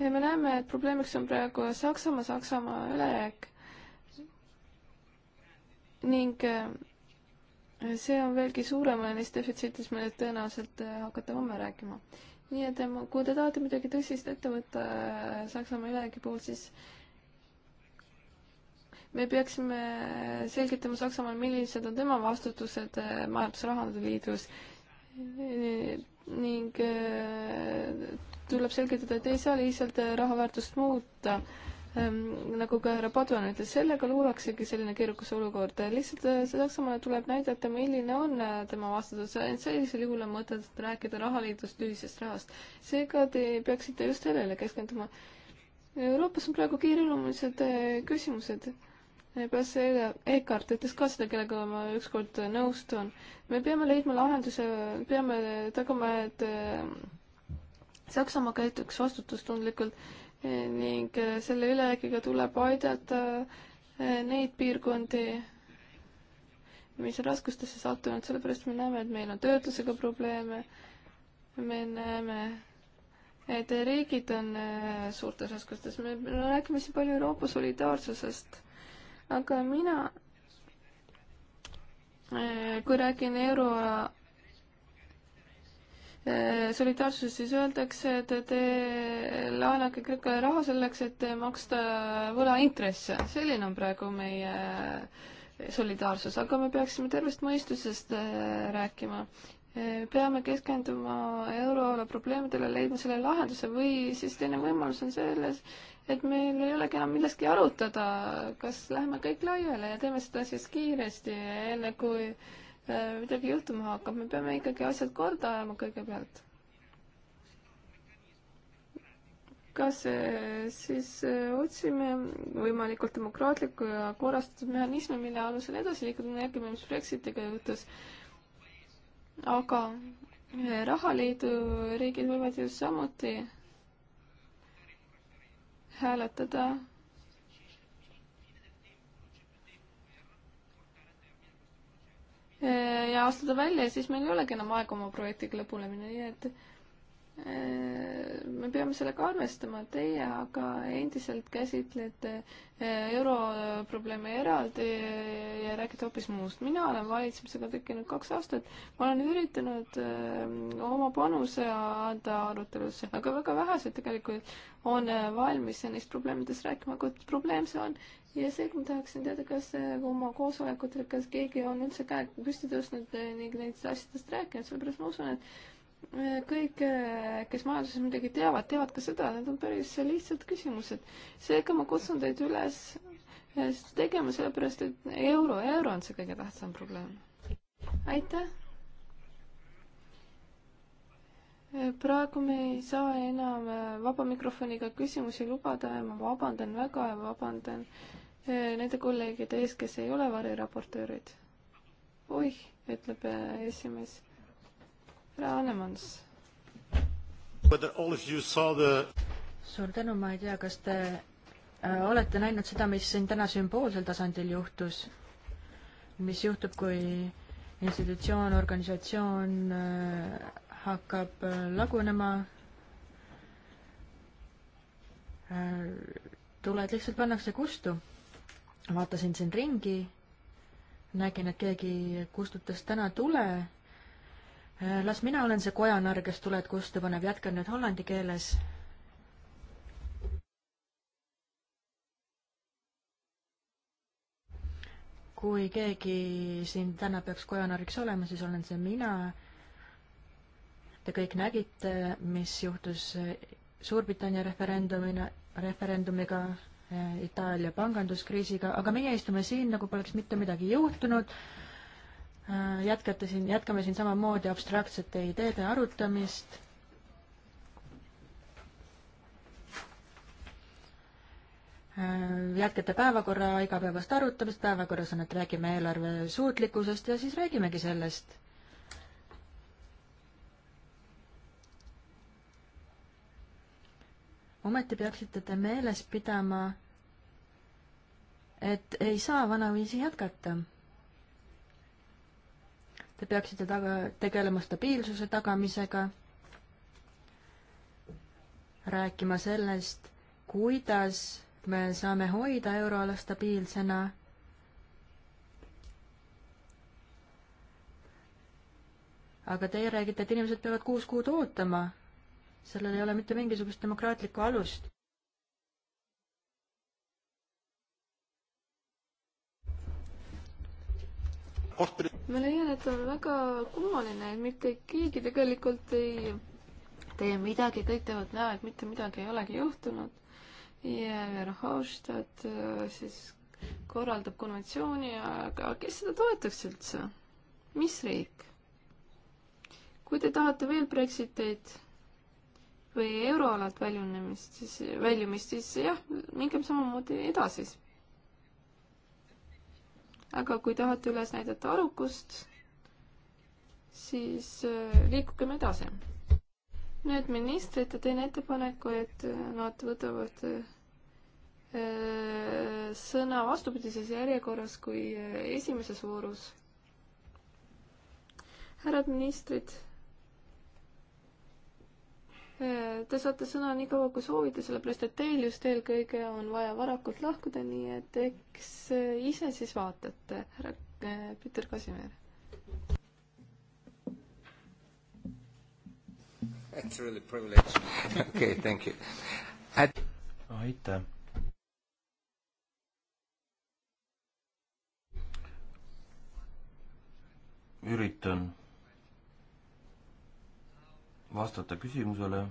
ja me näeme, et probleemiks on praegu Saksamaa, Saksamaa ülejääk ning see on veelgi suurem neist defitsiitidest, millest tõenäoliselt hakata homme rääkima nii et ähm, kui te tahate midagi tõsist ette võtta äh, Saksamaa ülejäägi puhul, siis me peaksime äh, selgitama Saksamaal, millised on tema vastutused äh, Majandus-Rahanduse Liidus ning tuleb selgitada, et ei saa lihtsalt raha väärtust muuta Ehm, nagu ka härra Padvan ütles, sellega luuaksegi selline keerukas olukord, lihtsalt äh, Saksamaale tuleb näidata, milline on äh, tema vastutus, ainult sellisel juhul on mõtet rääkida rahaliidust, ühisest rahast. seega te peaksite just sellele keskenduma. Euroopas on praegu kiireloomulised äh, küsimused peast see Eckart ütles ka seda, kellega ma ükskord nõustun. me peame leidma lahenduse, peame tagama, et Saksamaa käituks vastutustundlikult ning äh, selle ülejäägiga tuleb aidata äh, neid piirkondi, mis on raskustesse sattunud, sellepärast me näeme, et meil on töötlusega probleeme, me näeme, et riigid on äh, suurtes raskustes, me räägime siin palju Euroopa solidaarsusest, aga mina, kui räägin euroala Äh, solidaarsus, siis öeldakse, et te laenake Kreekale raha selleks, et maksta võlaintresse. selline on praegu meie solidaarsus, aga me peaksime tervest mõistusest äh, rääkima. Äh, peame keskenduma euroala probleemidele, leidma selle lahenduse või siis teine võimalus on selles, et meil ei olegi enam millestki arutada, kas lähme kõik laiali ja teeme seda siis kiiresti, enne kui äh, Äh, midagi juhtuma hakkab, me peame ikkagi asjad korda ajama kõigepealt. kas äh, siis äh, otsime võimalikult demokraatlikku ja korrastatud mehhanismi, mille alusel edasi liikuda, nägime, mis Brexitiga juhtus. aga rahaliidu riigid võivad ju samuti hääletada ja astuda välja ja siis meil ei olegi enam aega oma projektiga lõpule minna, nii et Äh, me peame sellega arvestama, teie aga endiselt käsitlete äh, europrobleeme eraldi äh, ja räägite hoopis muust. mina olen valitsemisega tekkinud kaks aastat, ma olen üritanud oma panuse anda arutelusse, aga väga vähesed tegelikult on valmis neist probleemidest rääkima, kui probleem see on. ja seega ma tahaksin teada, kas oma koosolekutel, kas keegi on üldse käe püsti tõstnud ning neist asjadest rääkinud, sellepärast ma usun, et kõik, kes majanduses midagi teavad, teavad ka seda, need on päris lihtsad küsimused. seega ma kutsun teid üles eh, tegema, sellepärast et euro, euro on see kõige tähtsam probleem. aitäh! Eh, praegu me ei saa enam eh, vaba mikrofoniga küsimusi lubada ja ma vabandan väga ja vabandan nende kolleegide ees, kes ei ole variraportöörid. oih, ütleb esimees härra Annemans. suur tänu, ma ei tea, kas te äh, olete näinud seda, mis siin täna sümboolsel tasandil juhtus, mis juhtub, kui institutsioon, organisatsioon äh, hakkab äh, lagunema, tuled lihtsalt pannakse kustu. vaatasin siin ringi, nägin, et keegi kustutas täna tule las mina olen see kojanõrg, kes tuled kustu paneb, jätkan nüüd hollandi keeles. kui keegi siin täna peaks kojanõrgiks olema, siis olen see mina. Te kõik nägite, mis juhtus Suurbritannia referendumina, referendumiga, eh, Itaalia panganduskriisiga, aga meie istume siin, nagu poleks mitte midagi juhtunud Äh, jätkate siin, jätkame siin samamoodi abstraktsete ideede arutamist. Äh, jätkate päevakorra igapäevast arutamist, päevakorras on, et räägime eelarve suutlikkusest ja siis räägimegi sellest ometi peaksite te meeles pidama, et ei saa vanaviisi jätkata Te peaksite taga, tegelema stabiilsuse tagamisega, rääkima sellest, kuidas me saame hoida euroala stabiilsena aga teie räägite, et inimesed peavad kuus kuud ootama. sellel ei ole mitte mingisugust demokraatlikku alust. ma leian, et on väga kummaline, et mitte keegi tegelikult ei tee midagi, kõik teevad näo, et mitte midagi ei olegi juhtunud. ja e Verhofstadt äh, siis korraldab konventsiooni, aga kes seda toetaks üldse? mis riik? kui te tahate veel Brexiteid või euroalalt väljunemist, siis väljumist, siis jah, mingem samamoodi edasi aga kui tahate üles näidata arukust, siis äh, liikugem edasi. nüüd ministrite teen ettepaneku, et äh, nad võtavad äh, sõna vastupidises järjekorras kui esimeses voorus. härrad ministrid Te saate sõna nii kaua, kui soovite, sellepärast et teil just eelkõige on vaja varakult lahkuda, nii et eks ise siis vaatate, härra eh, Peter Kasimir. That's really privilege. Okay, thank you At.... aitäh. üritan vastata küsimusele,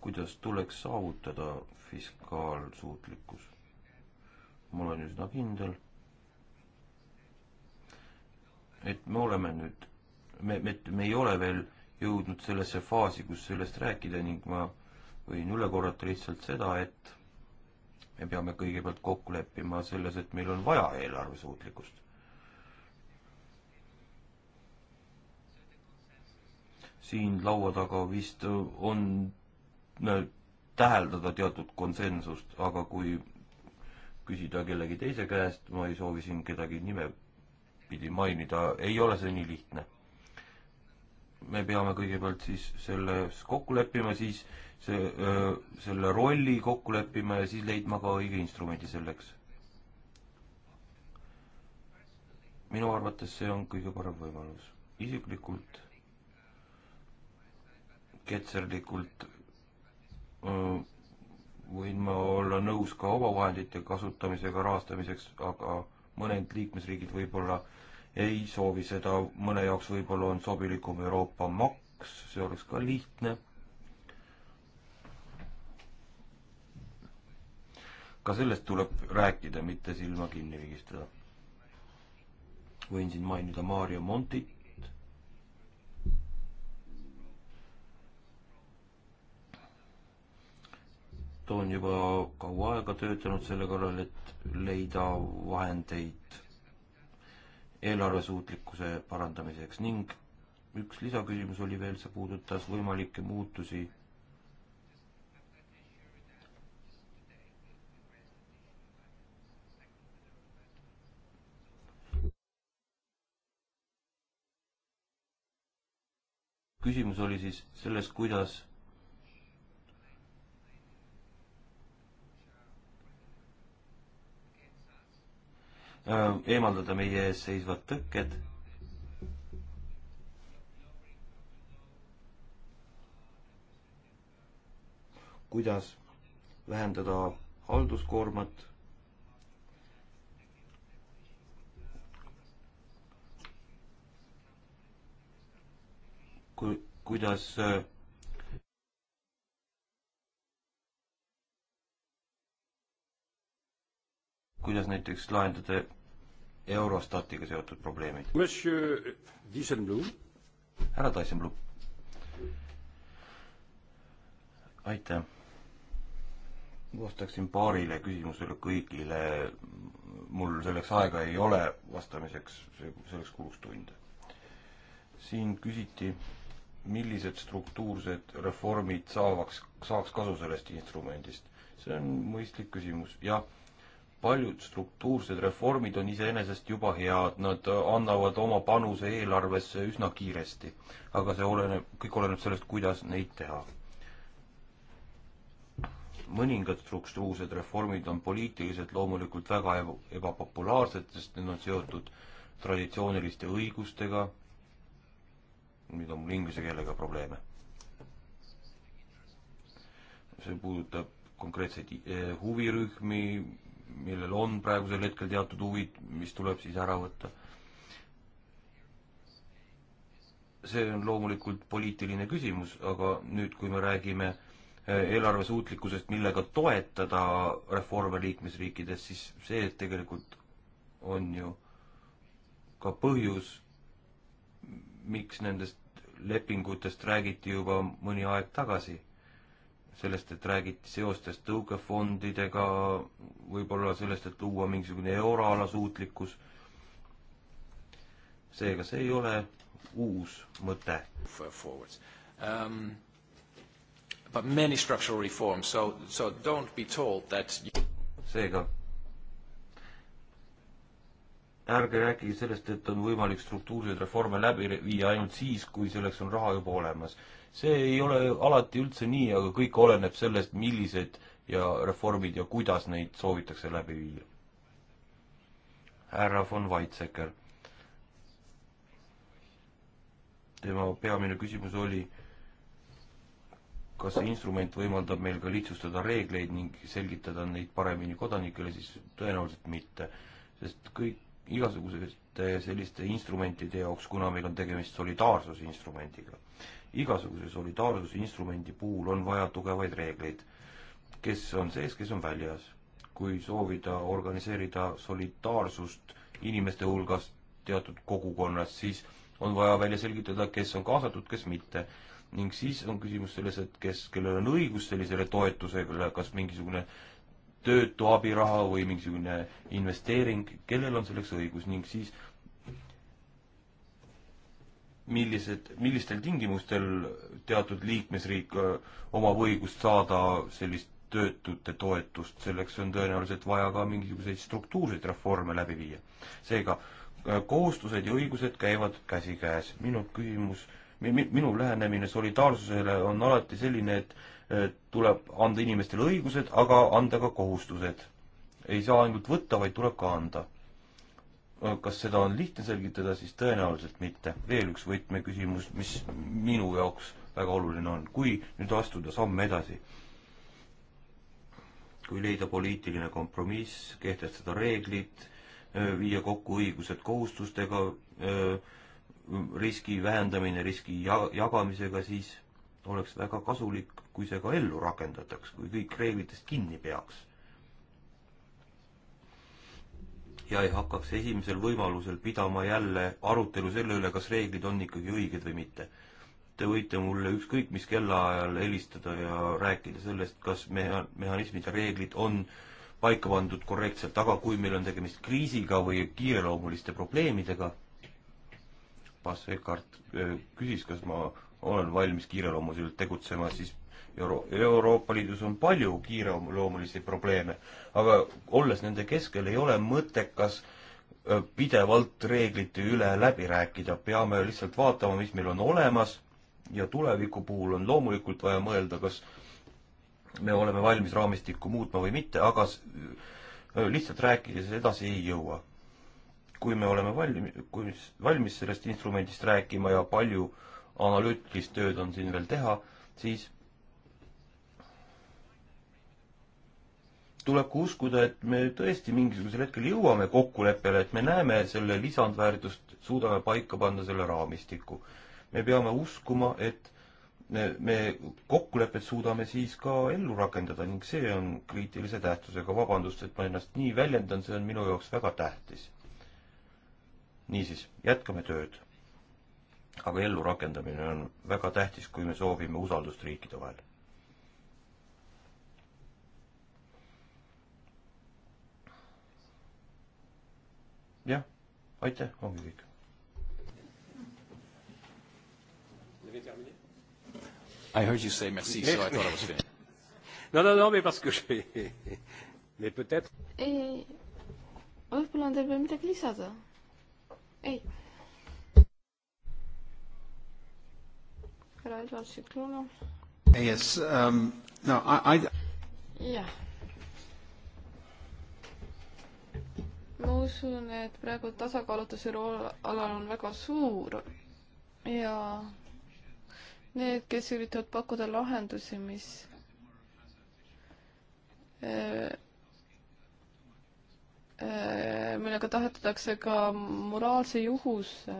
kuidas tuleks saavutada fiskaalsuutlikkus. ma olen üsna kindel, et me oleme nüüd, me, me, me ei ole veel jõudnud sellesse faasi, kus sellest rääkida ning ma võin üle korrata lihtsalt seda, et me peame kõigepealt kokku leppima selles, et meil on vaja eelarvesuutlikkust. siin laua taga vist äh, on äh, täheldada teatud konsensust, aga kui küsida kellegi teise käest, ma ei soovi siin kedagi nimepidi mainida, ei ole see nii lihtne. me peame kõigepealt siis selles kokku leppima, siis see, äh, selle rolli kokku leppima ja siis leidma ka õige instrumendi selleks. minu arvates see on kõige parem võimalus. isiklikult ketserlikult võin ma olla nõus ka omavahendite kasutamisega rahastamiseks, aga mõned liikmesriigid võib-olla ei soovi seda, mõne jaoks võib-olla on sobilikum Euroopa maks, see oleks ka lihtne. ka sellest tuleb rääkida, mitte silma kinni pigistada. võin siin mainida Mario Montit, ta on juba kaua aega töötanud selle kallal, et leida vahendeid eelarvesuutlikkuse parandamiseks ning üks lisaküsimus oli veel, see puudutas võimalikke muutusi küsimus oli siis selles, kuidas Äh, eemaldada meie ees seisvad tõkked. kuidas vähendada halduskoormat. kui, kuidas äh, kuidas näiteks lahendada Eurostatiga seotud probleemid? härra Tassenblum. aitäh. vastaksin paarile küsimusele kõigile. mul selleks aega ei ole vastamiseks, selleks kuluks tunde. siin küsiti, millised struktuursed reformid saavaks, saaks kasu sellest instrumendist. see on mõistlik küsimus, jah paljud struktuursed reformid on iseenesest juba head, nad annavad oma panuse eelarvesse üsna kiiresti. aga see oleneb, kõik oleneb sellest, kuidas neid teha. mõningad struktuursed reformid on poliitiliselt loomulikult väga ebapopulaarsed, sest need on seotud traditsiooniliste õigustega, nüüd on mul inglise keelega probleeme. see puudutab konkreetseid eh, huvirühmi, millel on praegusel hetkel teatud huvid, mis tuleb siis ära võtta. see on loomulikult poliitiline küsimus, aga nüüd, kui me räägime eh, eelarve suutlikkusest, millega toetada reforme liikmesriikides, siis see tegelikult on ju ka põhjus, miks nendest lepingutest räägiti juba mõni aeg tagasi sellest, et räägiti seostest tõukefondidega, võib-olla sellest, et luua mingisugune euroala suutlikkus. seega see ei ole uus mõte. Um, but many structural reforms, so, so don't be told that you... seega ärge rääkige sellest, et on võimalik struktuurseid reforme läbi viia ainult siis, kui selleks on raha juba olemas. see ei ole alati üldse nii, aga kõik oleneb sellest, millised ja reformid ja kuidas neid soovitakse läbi viia. härra von Weizsäcker. tema peamine küsimus oli, kas see instrument võimaldab meil ka lihtsustada reegleid ning selgitada neid paremini kodanikele, siis tõenäoliselt mitte, sest kõik igasuguste selliste instrumentide jaoks, kuna meil on tegemist solidaarsuse instrumendiga. igasuguse solidaarsuse instrumendi puhul on vaja tugevaid reegleid, kes on sees, kes on väljas. kui soovida organiseerida solidaarsust inimeste hulgas teatud kogukonnas, siis on vaja välja selgitada, kes on kaasatud, kes mitte. ning siis on küsimus selles, et kes, kellel on õigus sellisele toetusele, kas mingisugune äh, töötu abiraha või mingisugune investeering, kellel on selleks õigus ning siis millised, millistel tingimustel teatud liikmesriik äh, omab õigust saada sellist töötute toetust, selleks on tõenäoliselt vaja ka mingisuguseid struktuurseid reforme läbi viia. seega äh, kohustused ja õigused käivad käsikäes. minu küsimus, minu lähenemine solidaarsusele on alati selline, et tuleb anda inimestele õigused, aga anda ka kohustused. ei saa ainult võtta, vaid tuleb ka anda. kas seda on lihtne selgitada, siis tõenäoliselt mitte. veel üks võtmeküsimus, mis minu jaoks väga oluline on, kui nüüd astuda samm edasi, kui leida poliitiline kompromiss, kehtestada reeglid, viia kokku õigused kohustustega, riski vähendamine riski jagamisega, siis oleks väga kasulik, kui see ka ellu rakendataks, kui kõik reeglitest kinni peaks. ja ei hakkaks esimesel võimalusel pidama jälle arutelu selle üle, kas reeglid on ikkagi õiged või mitte. Te võite mulle ükskõik mis kellaajal helistada ja rääkida sellest, kas meha-, mehhanismid ja reeglid on paika pandud korrektselt, aga kui meil on tegemist kriisiga või kiireloomuliste probleemidega, Bas Eckart äh, küsis, kas ma olen valmis kiireloomuliselt tegutsema, siis Euro-, Euroopa Liidus on palju kiireloomulisi probleeme, aga olles nende keskel, ei ole mõttekas pidevalt reeglite üle läbi rääkida, peame lihtsalt vaatama, mis meil on olemas ja tuleviku puhul on loomulikult vaja mõelda, kas me oleme valmis raamistikku muutma või mitte, aga lihtsalt rääkides edasi ei jõua. kui me oleme valmis, valmis sellest instrumendist rääkima ja palju äh, analüütilist tööd on siin veel teha, siis tuleb ka uskuda, et me tõesti mingisugusel hetkel jõuame kokkuleppele, et me näeme selle lisandväärtust, suudame paika panna selle raamistiku. me peame uskuma, et me, me kokkulepet suudame siis ka ellu rakendada ning see on kriitilise tähtsusega. vabandust, et ma ennast nii väljendan, see on minu jaoks väga tähtis. niisiis, jätkame tööd aga ellurakendamine on väga tähtis, kui me soovime usaldust riikide vahel. jah, aitäh, ongi kõik. I heard you say merci, so I thought I was finished. non, non, non, mais parce que je... mais peut-être... ei, ei, võib-olla on teil veel midagi lisada? ei härra Eduard Sikluna. Yes um,, no I, I. jah. ma usun, et praegu tasakaalutuse rool alal on väga suur ja need, kes üritavad pakkuda lahendusi, mis eh, eh, millega tahetakse ka moraalse juhuse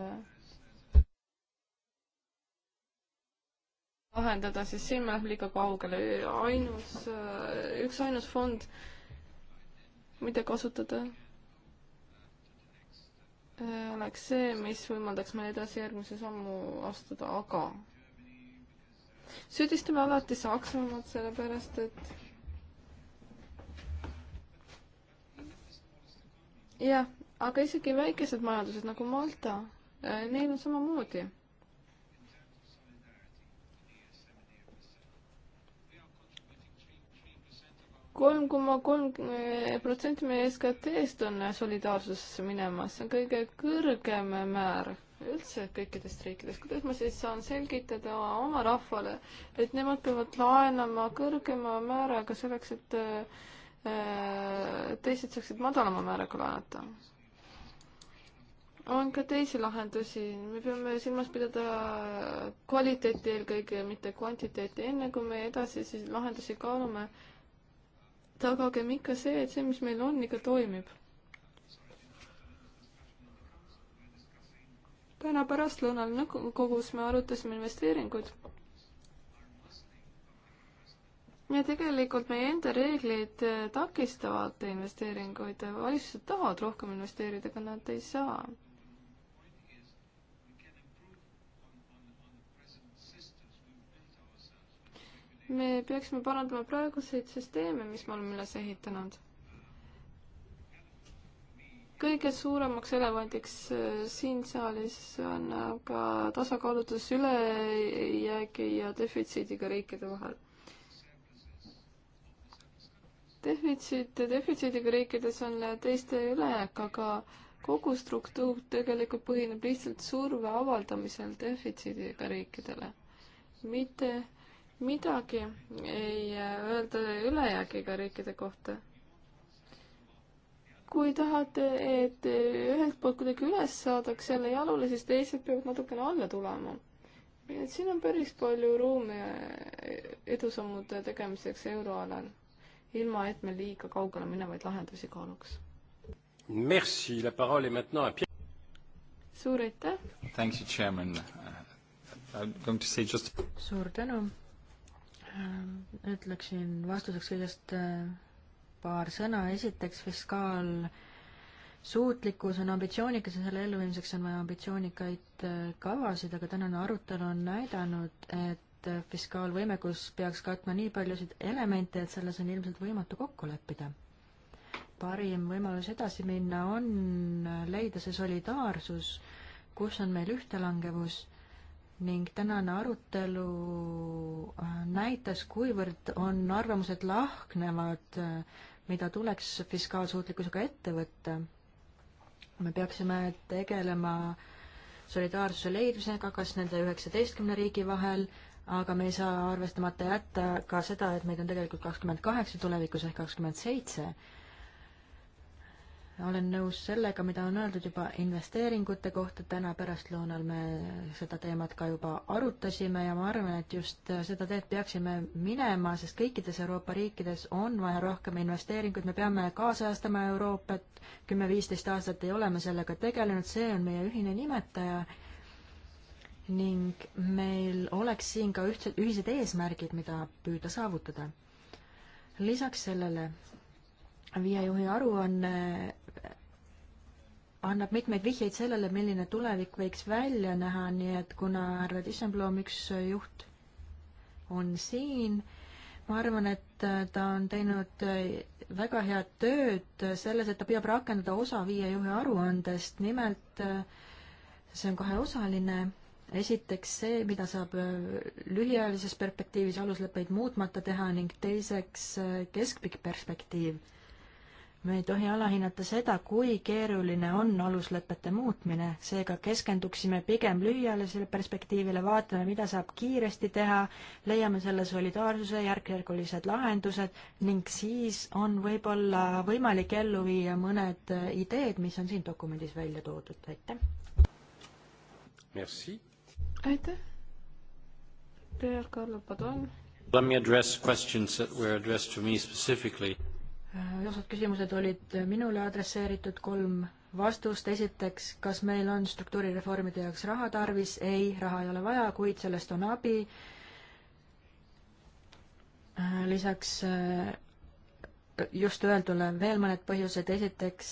lahendada, sest siin läheb liiga kaugele. ainus, äh, üksainus fond, mida kasutada, äh, oleks see, mis võimaldaks meil edasi järgmise sammu astuda, aga süüdistame alati Saksamaad, sellepärast et jah, aga isegi väikesed majandused nagu Malta, äh, neil on samamoodi kolm koma kolm eh, protsenti meie SKT-st on eh, solidaarsusesse minemas, see on kõige kõrgem määr üldse kõikidest riikidest. kuidas ma siis saan selgitada oma rahvale, et nemad peavad laenama kõrgema määraga selleks, et eh, teised saaksid madalama määraga laenata? on ka teisi lahendusi, me peame silmas pidada kvaliteeti eelkõige, mitte kvantiteeti, enne kui me edasi siis lahendusi kaalume tagagem ikka see, et see, mis meil on, ikka toimib. täna pärastlõunal nõukogus me arutasime investeeringuid. ja tegelikult meie enda reeglid takistavad investeeringuid, valitsused tahavad rohkem investeerida, aga nad ei saa me peaksime parandama praeguseid süsteeme, mis me oleme üles ehitanud. kõige suuremaks elevandiks äh, siin saalis on aga tasakaalutus ülejäägi ja defitsiidiga riikide vahel. defitsiit, defitsiidiga riikides on teiste ülejääk, aga kogu struktuur tegelikult põhineb lihtsalt surve avaldamisel defitsiidiga riikidele, mitte äh, midagi ei äh, öelda ülejäägiga riikide kohta. kui tahate, et äh, ühelt poolt kuidagi üles saadaks jälle jalule, siis teised peavad natukene alla tulema. nii et siin on päris palju ruumi äh, edusammude tegemiseks euroalal, ilma et me liiga kaugele minevaid lahendusi kaaluks. Merci, la parole est maintenant à Pierre. suur aitäh! Thanks you, chairman. Uh, I am going to say just suur tänu! Äh, ütleksin vastuseks kõigest äh, paar sõna. esiteks, fiskaalsuutlikkus on ambitsioonikas ja selle elluviimiseks on vaja ambitsioonikaid äh, kavasid, aga tänane arutelu on näidanud, et fiskaalvõimekus peaks katma nii paljusid elemente, et selles on ilmselt võimatu kokku leppida. parim võimalus edasi minna on leida see solidaarsus, kus on meil ühtelangevus ning tänane arutelu äh, näitas, kuivõrd on arvamused lahknevad, äh, mida tuleks fiskaalsuutlikkusega ette võtta. me peaksime tegelema solidaarsuse leidmisega, kas nende üheksateistkümne riigi vahel, aga me ei saa arvestamata jätta ka seda, et meid on tegelikult kakskümmend kaheksa tulevikus ehk kakskümmend seitse olen nõus sellega, mida on öeldud juba investeeringute kohta, täna pärastlõunal me seda teemat ka juba arutasime ja ma arvan, et just seda teed peaksime minema, sest kõikides Euroopa riikides on vaja rohkem investeeringuid, me peame kaasajastama Euroopat, kümme-viisteist aastat ei ole me sellega tegelenud, see on meie ühine nimetaja ning meil oleks siin ka ühtsed, ühised eesmärgid, mida püüda saavutada. lisaks sellele viie juhi aruanne annab mitmeid vihjeid sellele, milline tulevik võiks välja näha, nii et kuna härra Dissenblom, üks juht, on siin, ma arvan, et äh, ta on teinud äh, väga head tööd selles, et ta püüab rakendada osa viie juhi aruandest, nimelt äh, see on kaheosaline, esiteks see, mida saab lühiajalises perspektiivis alusleppeid muutmata teha ning teiseks keskpikk perspektiiv me ei tohi alahinnata seda, kui keeruline on aluslepete muutmine, seega keskenduksime pigem lühiajalisele perspektiivile, vaatame, mida saab kiiresti teha, leiame selle solidaarsuse järk-järgulised lahendused ning siis on võib-olla võimalik ellu viia mõned ideed, mis on siin dokumendis välja toodud, aitäh! Merci. aitäh! Pierre Carlo Padon. Let me address questions that were addressed to me specifically Äh, osad küsimused olid minule adresseeritud, kolm vastust, esiteks, kas meil on struktuurireformide jaoks raha tarvis, ei, raha ei ole vaja, kuid sellest on abi. Äh, lisaks äh, just öeldule veel mõned põhjused, esiteks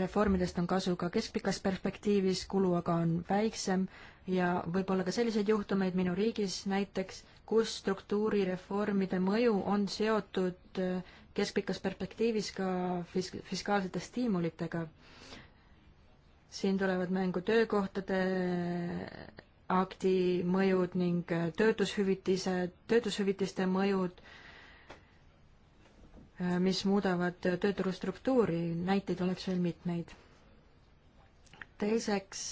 reformidest on kasu ka keskpikas perspektiivis, kulu aga on väiksem ja võib-olla ka selliseid juhtumeid minu riigis näiteks, kus struktuurireformide mõju on seotud äh, keskpikas perspektiivis ka fisk-, fiskaalsete stiimulitega. siin tulevad mängu töökohtade akti mõjud ning äh, töötushüvitise, töötushüvitiste mõjud, äh, mis muudavad äh, tööturu struktuuri, näiteid oleks veel mitmeid. teiseks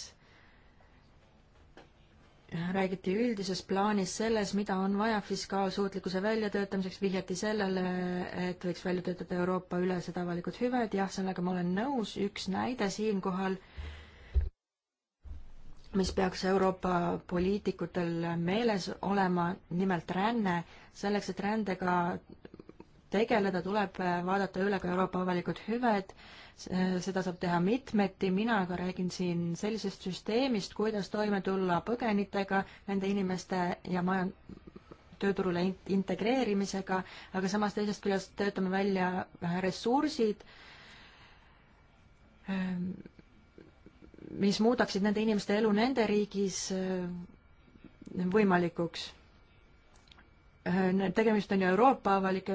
räägiti üldises plaanis selles, mida on vaja fiskaalsuutlikkuse väljatöötamiseks, vihjati sellele, et võiks välja töötada Euroopa-ülesed avalikud hüved, jah, sellega ma olen nõus, üks näide siinkohal, mis peaks Euroopa poliitikutel meeles olema, nimelt ränne, selleks, et rändega tegeleda, tuleb äh, vaadata üle ka Euroopa avalikud hüved, äh, seda saab teha mitmeti, mina aga räägin siin sellisest süsteemist, kuidas toime tulla põgenitega, nende inimeste ja maja, tööturule integreerimisega, aga samas teisest küljest töötame välja äh, ressursid, ähm, mis muudaksid nende inimeste elu nende riigis võimalikuks Äh, tegemist on ju Euroopa avalike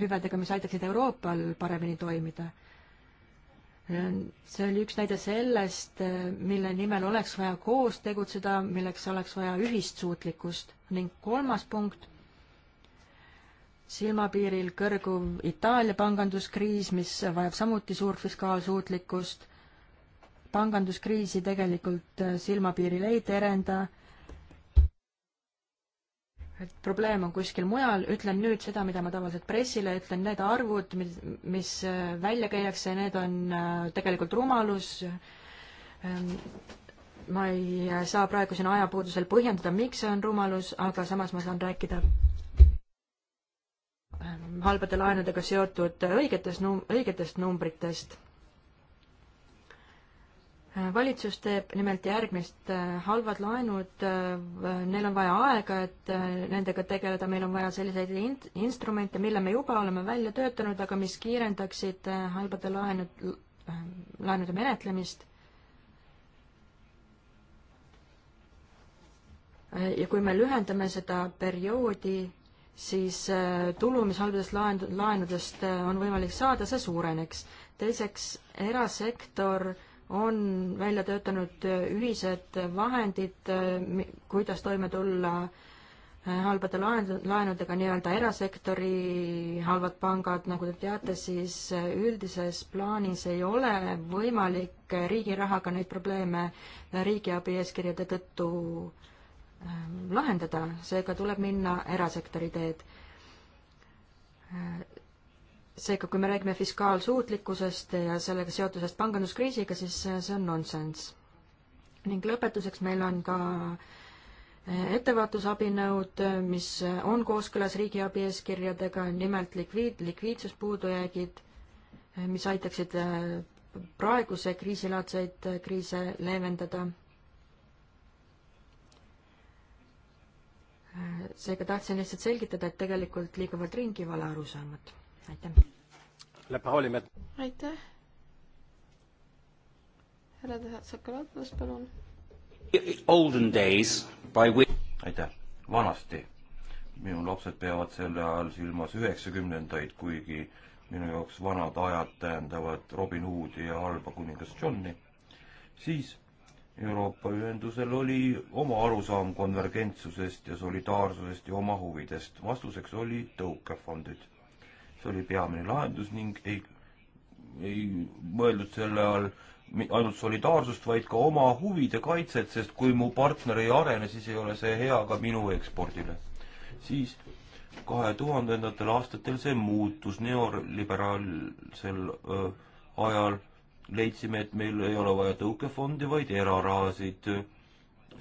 hüvedega, mis aitaksid Euroopal paremini toimida. Äh, see oli üks näide sellest, äh, mille nimel oleks vaja koos tegutseda, milleks oleks vaja ühist suutlikkust ning kolmas punkt, silmapiiril kõrguv Itaalia panganduskriis, mis vajab samuti suurt fiskaalsuutlikkust, panganduskriisi tegelikult silmapiiril ei terenda et probleem on kuskil mujal, ütlen nüüd seda, mida ma tavaliselt pressile ütlen, need arvud, mis, mis äh, välja käiakse, need on äh, tegelikult rumalus. Ähm, ma ei äh, saa praegu siin ajapuudusel põhjendada, miks see on rumalus, aga samas ma saan rääkida ähm, halbade laenudega seotud õigetest num-, õigetest numbritest valitsus teeb nimelt järgmist, äh, halvad laenud, äh, neil on vaja aega, et äh, nendega tegeleda, meil on vaja selliseid in-, instrumente, mille me juba oleme välja töötanud, aga mis kiirendaksid halbade laenud, laenude menetlemist. ja kui me lühendame seda perioodi, siis tulu, mis halbadest laen-, laenudest on võimalik saada, see suureneks. teiseks, erasektor äh, on välja töötanud ühised vahendid, kuidas toime tulla äh, halbade laenudega, nii-öelda erasektori halvad pangad, nagu te teate, siis äh, üldises plaanis ei ole võimalik riigi rahaga neid probleeme riigiabi eeskirjade tõttu äh, lahendada, seega tuleb minna erasektori teed seega, kui me räägime fiskaalsuutlikkusest ja sellega seotusest panganduskriisiga, siis see on nonsenss. ning lõpetuseks meil on ka eh, ettevaatusabinõud, mis on kooskõlas riigiabi eeskirjadega, nimelt likviid-, likviidsuspuudujäägid, eh, mis aitaksid eh, praeguse kriisilaadseid kriise leevendada. seega tahtsin lihtsalt selgitada, et tegelikult liiguvad ringi valearusaamad aitäh. aitäh. härra Sakalatos, palun. Olden days by which aitäh, vanasti minu lapsed peavad selle ajal silmas üheksakümnendaid, kuigi minu jaoks vanad ajad tähendavad Robin Hoodi ja halba kuningas Johni, siis Euroopa Ühendusel oli oma arusaam konvergentsusest ja solidaarsusest ja oma huvidest. vastuseks oli tõukefondid see oli peamine lahendus ning ei, ei mõeldud selle all ainult solidaarsust, vaid ka oma huvide kaitset, sest kui mu partner ei arene, siis ei ole see hea ka minu ekspordile. siis kahe tuhandendatel aastatel see muutus neoliberaalsel ajal, leidsime, et meil ei ole vaja tõukefondi, vaid erarahasid,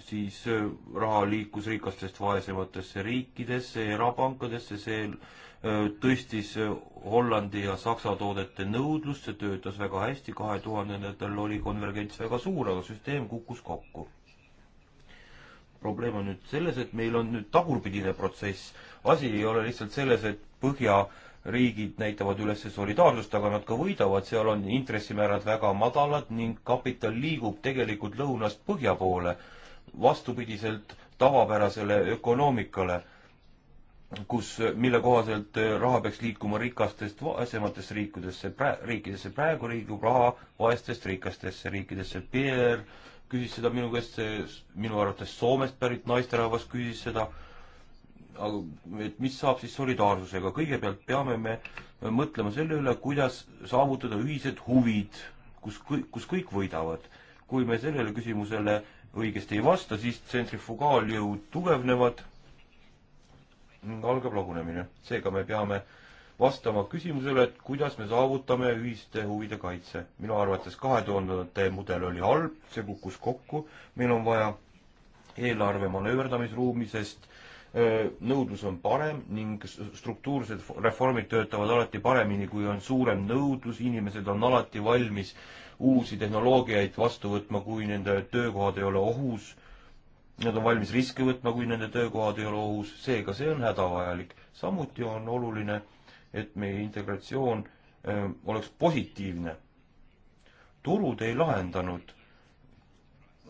siis öö, raha liikus rikastest vaesematesse riikidesse, erapankadesse, see tõstis Hollandi ja Saksa toodete nõudlust, see töötas väga hästi, kahe tuhandendatel oli konvergents väga suur, aga süsteem kukkus kokku. probleem on nüüd selles, et meil on nüüd tagurpidine protsess, asi ei ole lihtsalt selles, et põhjariigid näitavad üles solidaarsust, aga nad ka võidavad, seal on intressimäärad väga madalad ning kapital liigub tegelikult lõunast põhja poole, vastupidiselt tavapärasele ökonoomikale kus, mille kohaselt äh, raha peaks liikuma rikastest vaesematesse riikidesse, riikidesse, praegu liigub raha vaestest rikastesse riikidesse. Pierre küsis seda minu käest, minu arvates Soomest pärit naisterahvas küsis seda, aga et mis saab siis solidaarsusega, kõigepealt peame me mõtlema selle üle, kuidas saavutada ühised huvid, kus, kus kõik võidavad. kui me sellele küsimusele õigesti ei vasta, siis tsentrifugaaljõud tugevnevad algab lagunemine. seega me peame vastama küsimusele, et kuidas me saavutame ühiste huvide kaitse. minu arvates kahe tuhandete mudel oli halb, see kukkus kokku, meil on vaja eelarve manööverdamisruumi, sest nõudlus on parem ning struktuursed reformid töötavad alati paremini, kui on suurem nõudlus, inimesed on alati valmis uusi tehnoloogiaid vastu võtma, kui nende töökohad ei ole ohus Nad on valmis riske võtma, kui nende töökohad ei ole ohus, seega see on hädavajalik. samuti on oluline, et meie integratsioon öö, ähm, oleks positiivne. turud ei lahendanud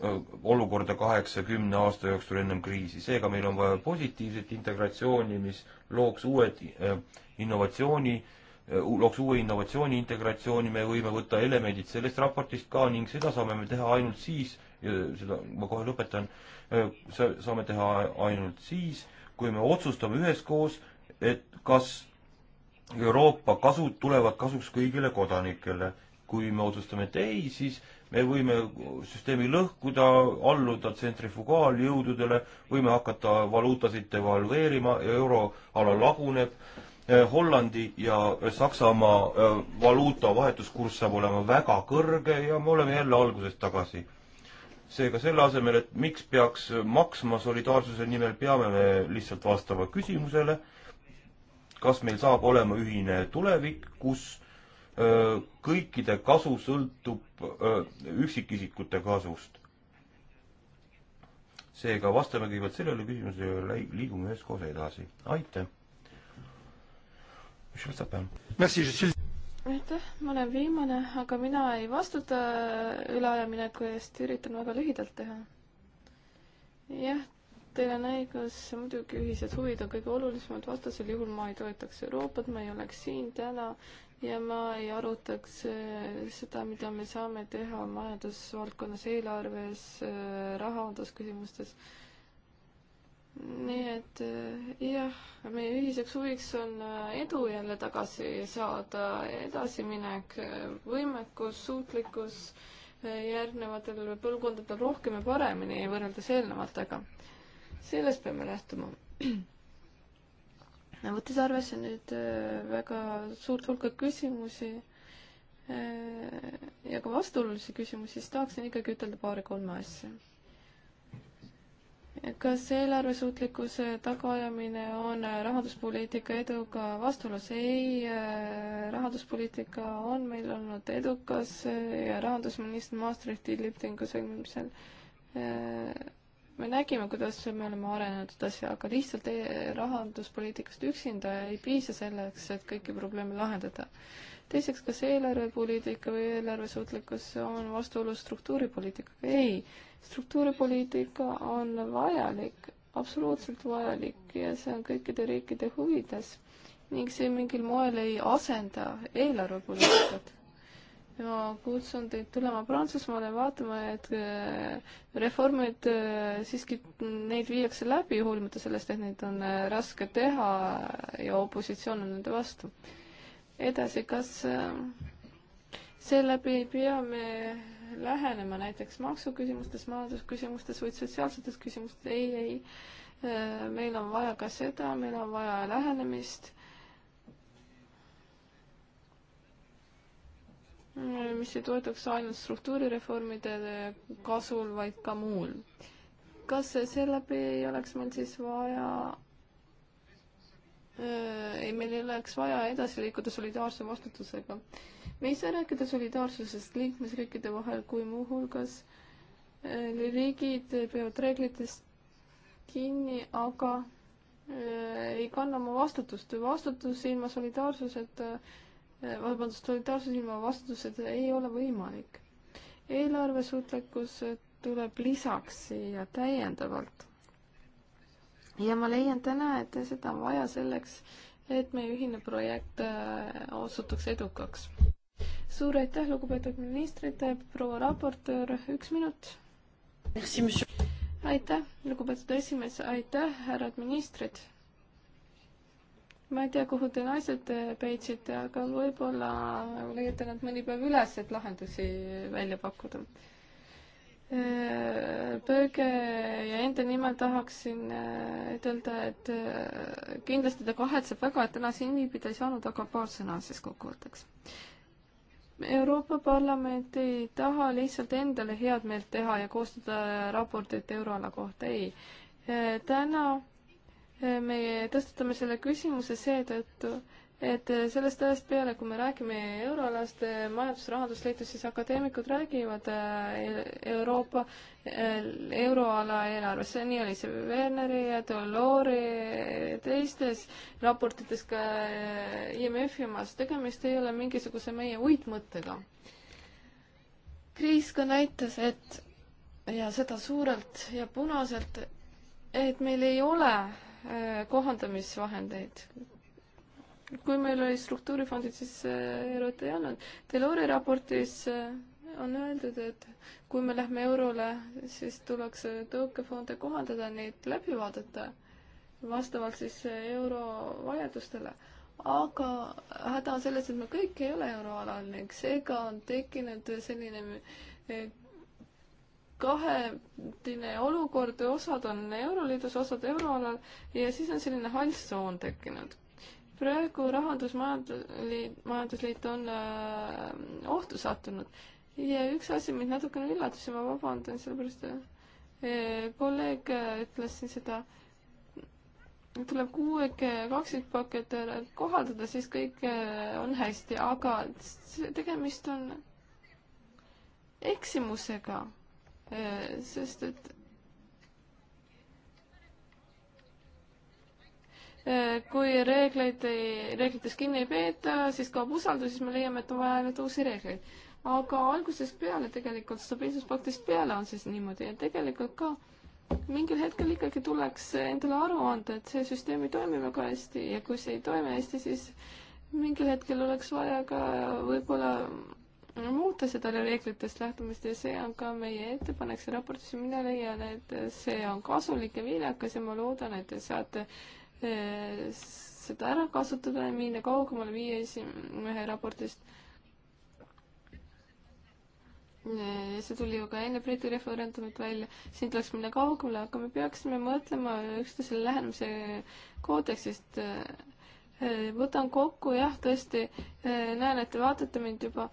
öö, äh, olukorda kaheksa-kümne aasta jooksul ennem kriisi, seega meil on vaja positiivset integratsiooni, mis looks uued öö, äh, innovatsiooni, äh, looks uue innovatsiooni integratsiooni, me võime võtta elemendid sellest raportist ka ning seda saame me teha ainult siis, seda ma kohe lõpetan, saame teha ainult siis, kui me otsustame üheskoos, et kas Euroopa kasud tulevad kasuks kõigile kodanikele. kui me otsustame, et ei, siis me võime süsteemi lõhkuda, alluda tsentrifugaaljõududele, võime hakata valuutasid devalveerima, euroala laguneb Hollandi ja Saksamaa valuuta vahetuskurss saab olema väga kõrge ja me oleme jälle algusest tagasi seega selle asemel, et miks peaks maksma solidaarsuse nimel, peame me lihtsalt vastama küsimusele, kas meil saab olema ühine tulevik, kus öö, kõikide kasu sõltub öö, üksikisikute kasust. seega vastame kõigepealt sellele küsimusele ja liigume üheskoos edasi. aitäh! Merci, je suis aitäh, ma olen viimane, aga mina ei vastuta üleajamineku eest, üritan väga lühidalt teha. jah, teil on õigus, muidugi ühised huvid on kõige olulisemad, vastasel juhul ma ei toetaks Euroopat, ma ei oleks siin täna ja ma ei arutaks eh, seda, mida me saame teha majandusvaldkonnas, eelarves, eh, rahandusküsimustes äh, nii et äh, jah, meie ühiseks huviks on äh, edu jälle tagasi saada, edasiminek, äh, võimekus, suutlikkus järgnevatel põlvkondadel rohkem ja paremini võrreldes eelnevatega. sellest peame lähtuma. võttes arvesse nüüd väga suurt hulka küsimusi ja ka vastuolulisi küsimusi, siis tahaksin ikkagi ütelda paari-kolme asja kas eelarvesuutlikkuse tagaajamine on rahanduspoliitika eduga vastuolus? ei, äh, rahanduspoliitika on meil olnud edukas äh, ja rahandusminister Maastrichti lepingu sõlmimisel äh, me nägime, kuidas me oleme arenenud edasi, aga lihtsalt rahanduspoliitikast üksinda ei piisa selleks, et kõiki probleeme lahendada teiseks, kas eelarvepoliitika või eelarvesuutlikkus on vastuolus struktuuripoliitikaga? ei, struktuuripoliitika on vajalik, absoluutselt vajalik ja see on kõikide riikide huvides ning see mingil moel ei asenda eelarvepoliitikat. ma kutsun teid tulema Prantsusmaale vaatama, et äh, reformid äh, siiski, neid viiakse läbi, hoolimata sellest, et neid on äh, raske teha ja opositsioon on nende vastu edasi, kas äh, seeläbi ei pea me lähenema näiteks maksuküsimustes, majandusküsimustes, vaid sotsiaalsetes küsimustes, ei, ei, äh, meil on vaja ka seda, meil on vaja lähenemist äh, mis ei toetuks ainult struktuurireformide kasul, vaid ka muul. kas seeläbi ei oleks meil siis vaja Äh, ei, meil ei oleks vaja edasi liikuda solidaarse vastutusega. me ei saa rääkida solidaarsusest liikmesriikide vahel, kui muuhulgas äh, riigid peavad reeglitest kinni, aga äh, ei kanna oma vastutust. vastutus ilma solidaarsuseta, vabandust, solidaarsus ilma vastutuseta ei ole võimalik. eelarvesuutlikkus tuleb lisaks siia täiendavalt ja ma leian täna, et seda on vaja selleks, et meie ühine projekt äh, osutuks edukaks. suur aitäh, lugupeetud ministrid, proua raportöör, üks minut. aitäh, lugupeetud esimees, aitäh, härrad ministrid. ma ei tea, kuhu te naised peitsite, aga võib-olla leiate nad mõni päev üles, et lahendusi välja pakkuda Pööge äh, ja enda nimel tahaksin ütelda, äh, et äh, kindlasti ta kahetseb väga, et täna siin viibida ei saanud, aga paar sõna siis kokkuvõtteks. Euroopa Parlament ei taha lihtsalt endale head meelt teha ja koostada raportit euroala kohta, ei. täna me tõstatame selle küsimuse seetõttu, et et eh, sellest ajast peale, kui me räägime euroalast eh, majandus-rahandusliitust, siis akadeemikud räägivad eh, e-, Euroopa, euroala eelarvest, nii oli see Werneri ja Dolori teistes raportites ka IMF-i omas, tegemist ei ole mingisuguse meie uitmõttega. kriis ka näitas, et ja seda suurelt ja punaselt, et meil ei ole kohandamisvahendeid kui meil oli struktuurifondid, siis äh, eurot ei olnud. Delori raportis äh, on öeldud, et kui me lähme eurole, siis tuleks äh, tõukefonde kohandada, neid läbi vaadata vastavalt siis euro vajadustele. aga häda on selles, et me kõik ei ole euroalal ning seega on tekkinud selline kahetine olukord, osad on Euroliidus, osad euroalal ja siis on selline hall tsoon tekkinud praegu Rahandusmajandusliit on äh, ohtu sattunud ja üks asi mind natukene üllatas ja ma vabandan, sellepärast äh, kolleeg äh, ütles siin seda, tuleb kuueke kaksikpakett kohaldada, siis kõik on hästi, aga tegemist on eksimusega, sest et kui reegleid ei, reeglitest kinni ei peeta, siis kaob usaldus, siis me leiame, et on vaja ainult uusi reegleid. aga algusest peale tegelikult, stabiilsuspaktist peale on siis niimoodi ja tegelikult ka mingil hetkel ikkagi tuleks endale aru anda, et see süsteem ei toimi väga hästi ja kui see ei toimi hästi, siis mingil hetkel oleks vaja ka võib-olla muuta seda reeglitest lähtumist ja see on ka meie ettepanek, see raportis mina leian, et see on kasulik ja viljakas ja ma loodan, et te saate seda ära kasutada ja minna kaugemale viie esimehe raportist. see tuli ju ka enne Briti referendumit välja, siin tuleks minna kaugemale, aga me peaksime mõtlema üksteisele lähenemise koodeksist. võtan kokku, jah, tõesti, näen, et te vaatate mind juba,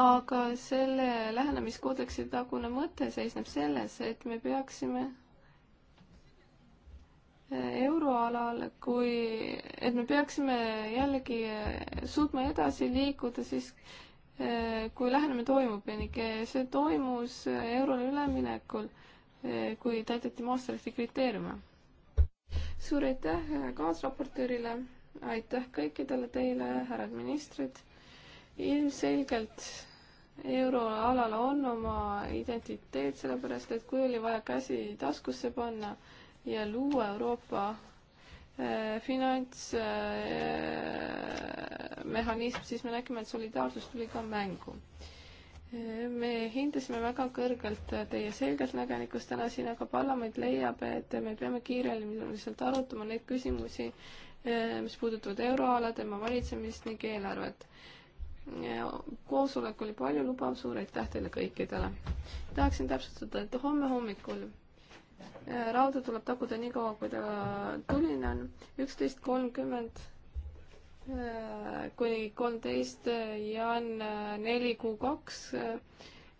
aga selle lähenemiskoodeksi tagune mõte seisneb selles, et me peaksime euroalal, kui, et me peaksime jällegi eh, suutma edasi liikuda siis, eh, kui lähenemine toimub ning eh, see toimus eurole üleminekul, kui täideti Maastrichti kriteeriume. suur aitäh kaasraportöörile, aitäh kõikidele teile, härrad ministrid. ilmselgelt euroalal on oma identiteet, sellepärast et kui oli vaja käsi taskusse panna, ja luua Euroopa äh, finantsmehhanism, äh, siis me nägime, et solidaarsus tuli ka mängu. Äh, me hindasime väga kõrgelt teie selgeltnägelikkust täna siin, aga parlament leiab, et me peame kiireliselt arutama neid küsimusi, mis puudutavad euroala, tema valitsemist ning eelarvet. koosolek oli paljulubav, suur aitäh teile kõikidele. tahaksin täpsustada, et homme hommikul rauda tuleb taguda nii kaua, kui ta tuline on, üksteist kolmkümmend äh, kuni kolmteist äh, ja on äh, neli kuu kaks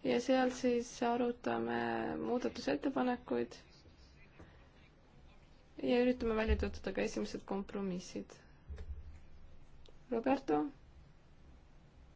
ja seal siis arutame muudatusettepanekuid ja üritame välja töötada ka esimesed kompromissid. Roberto?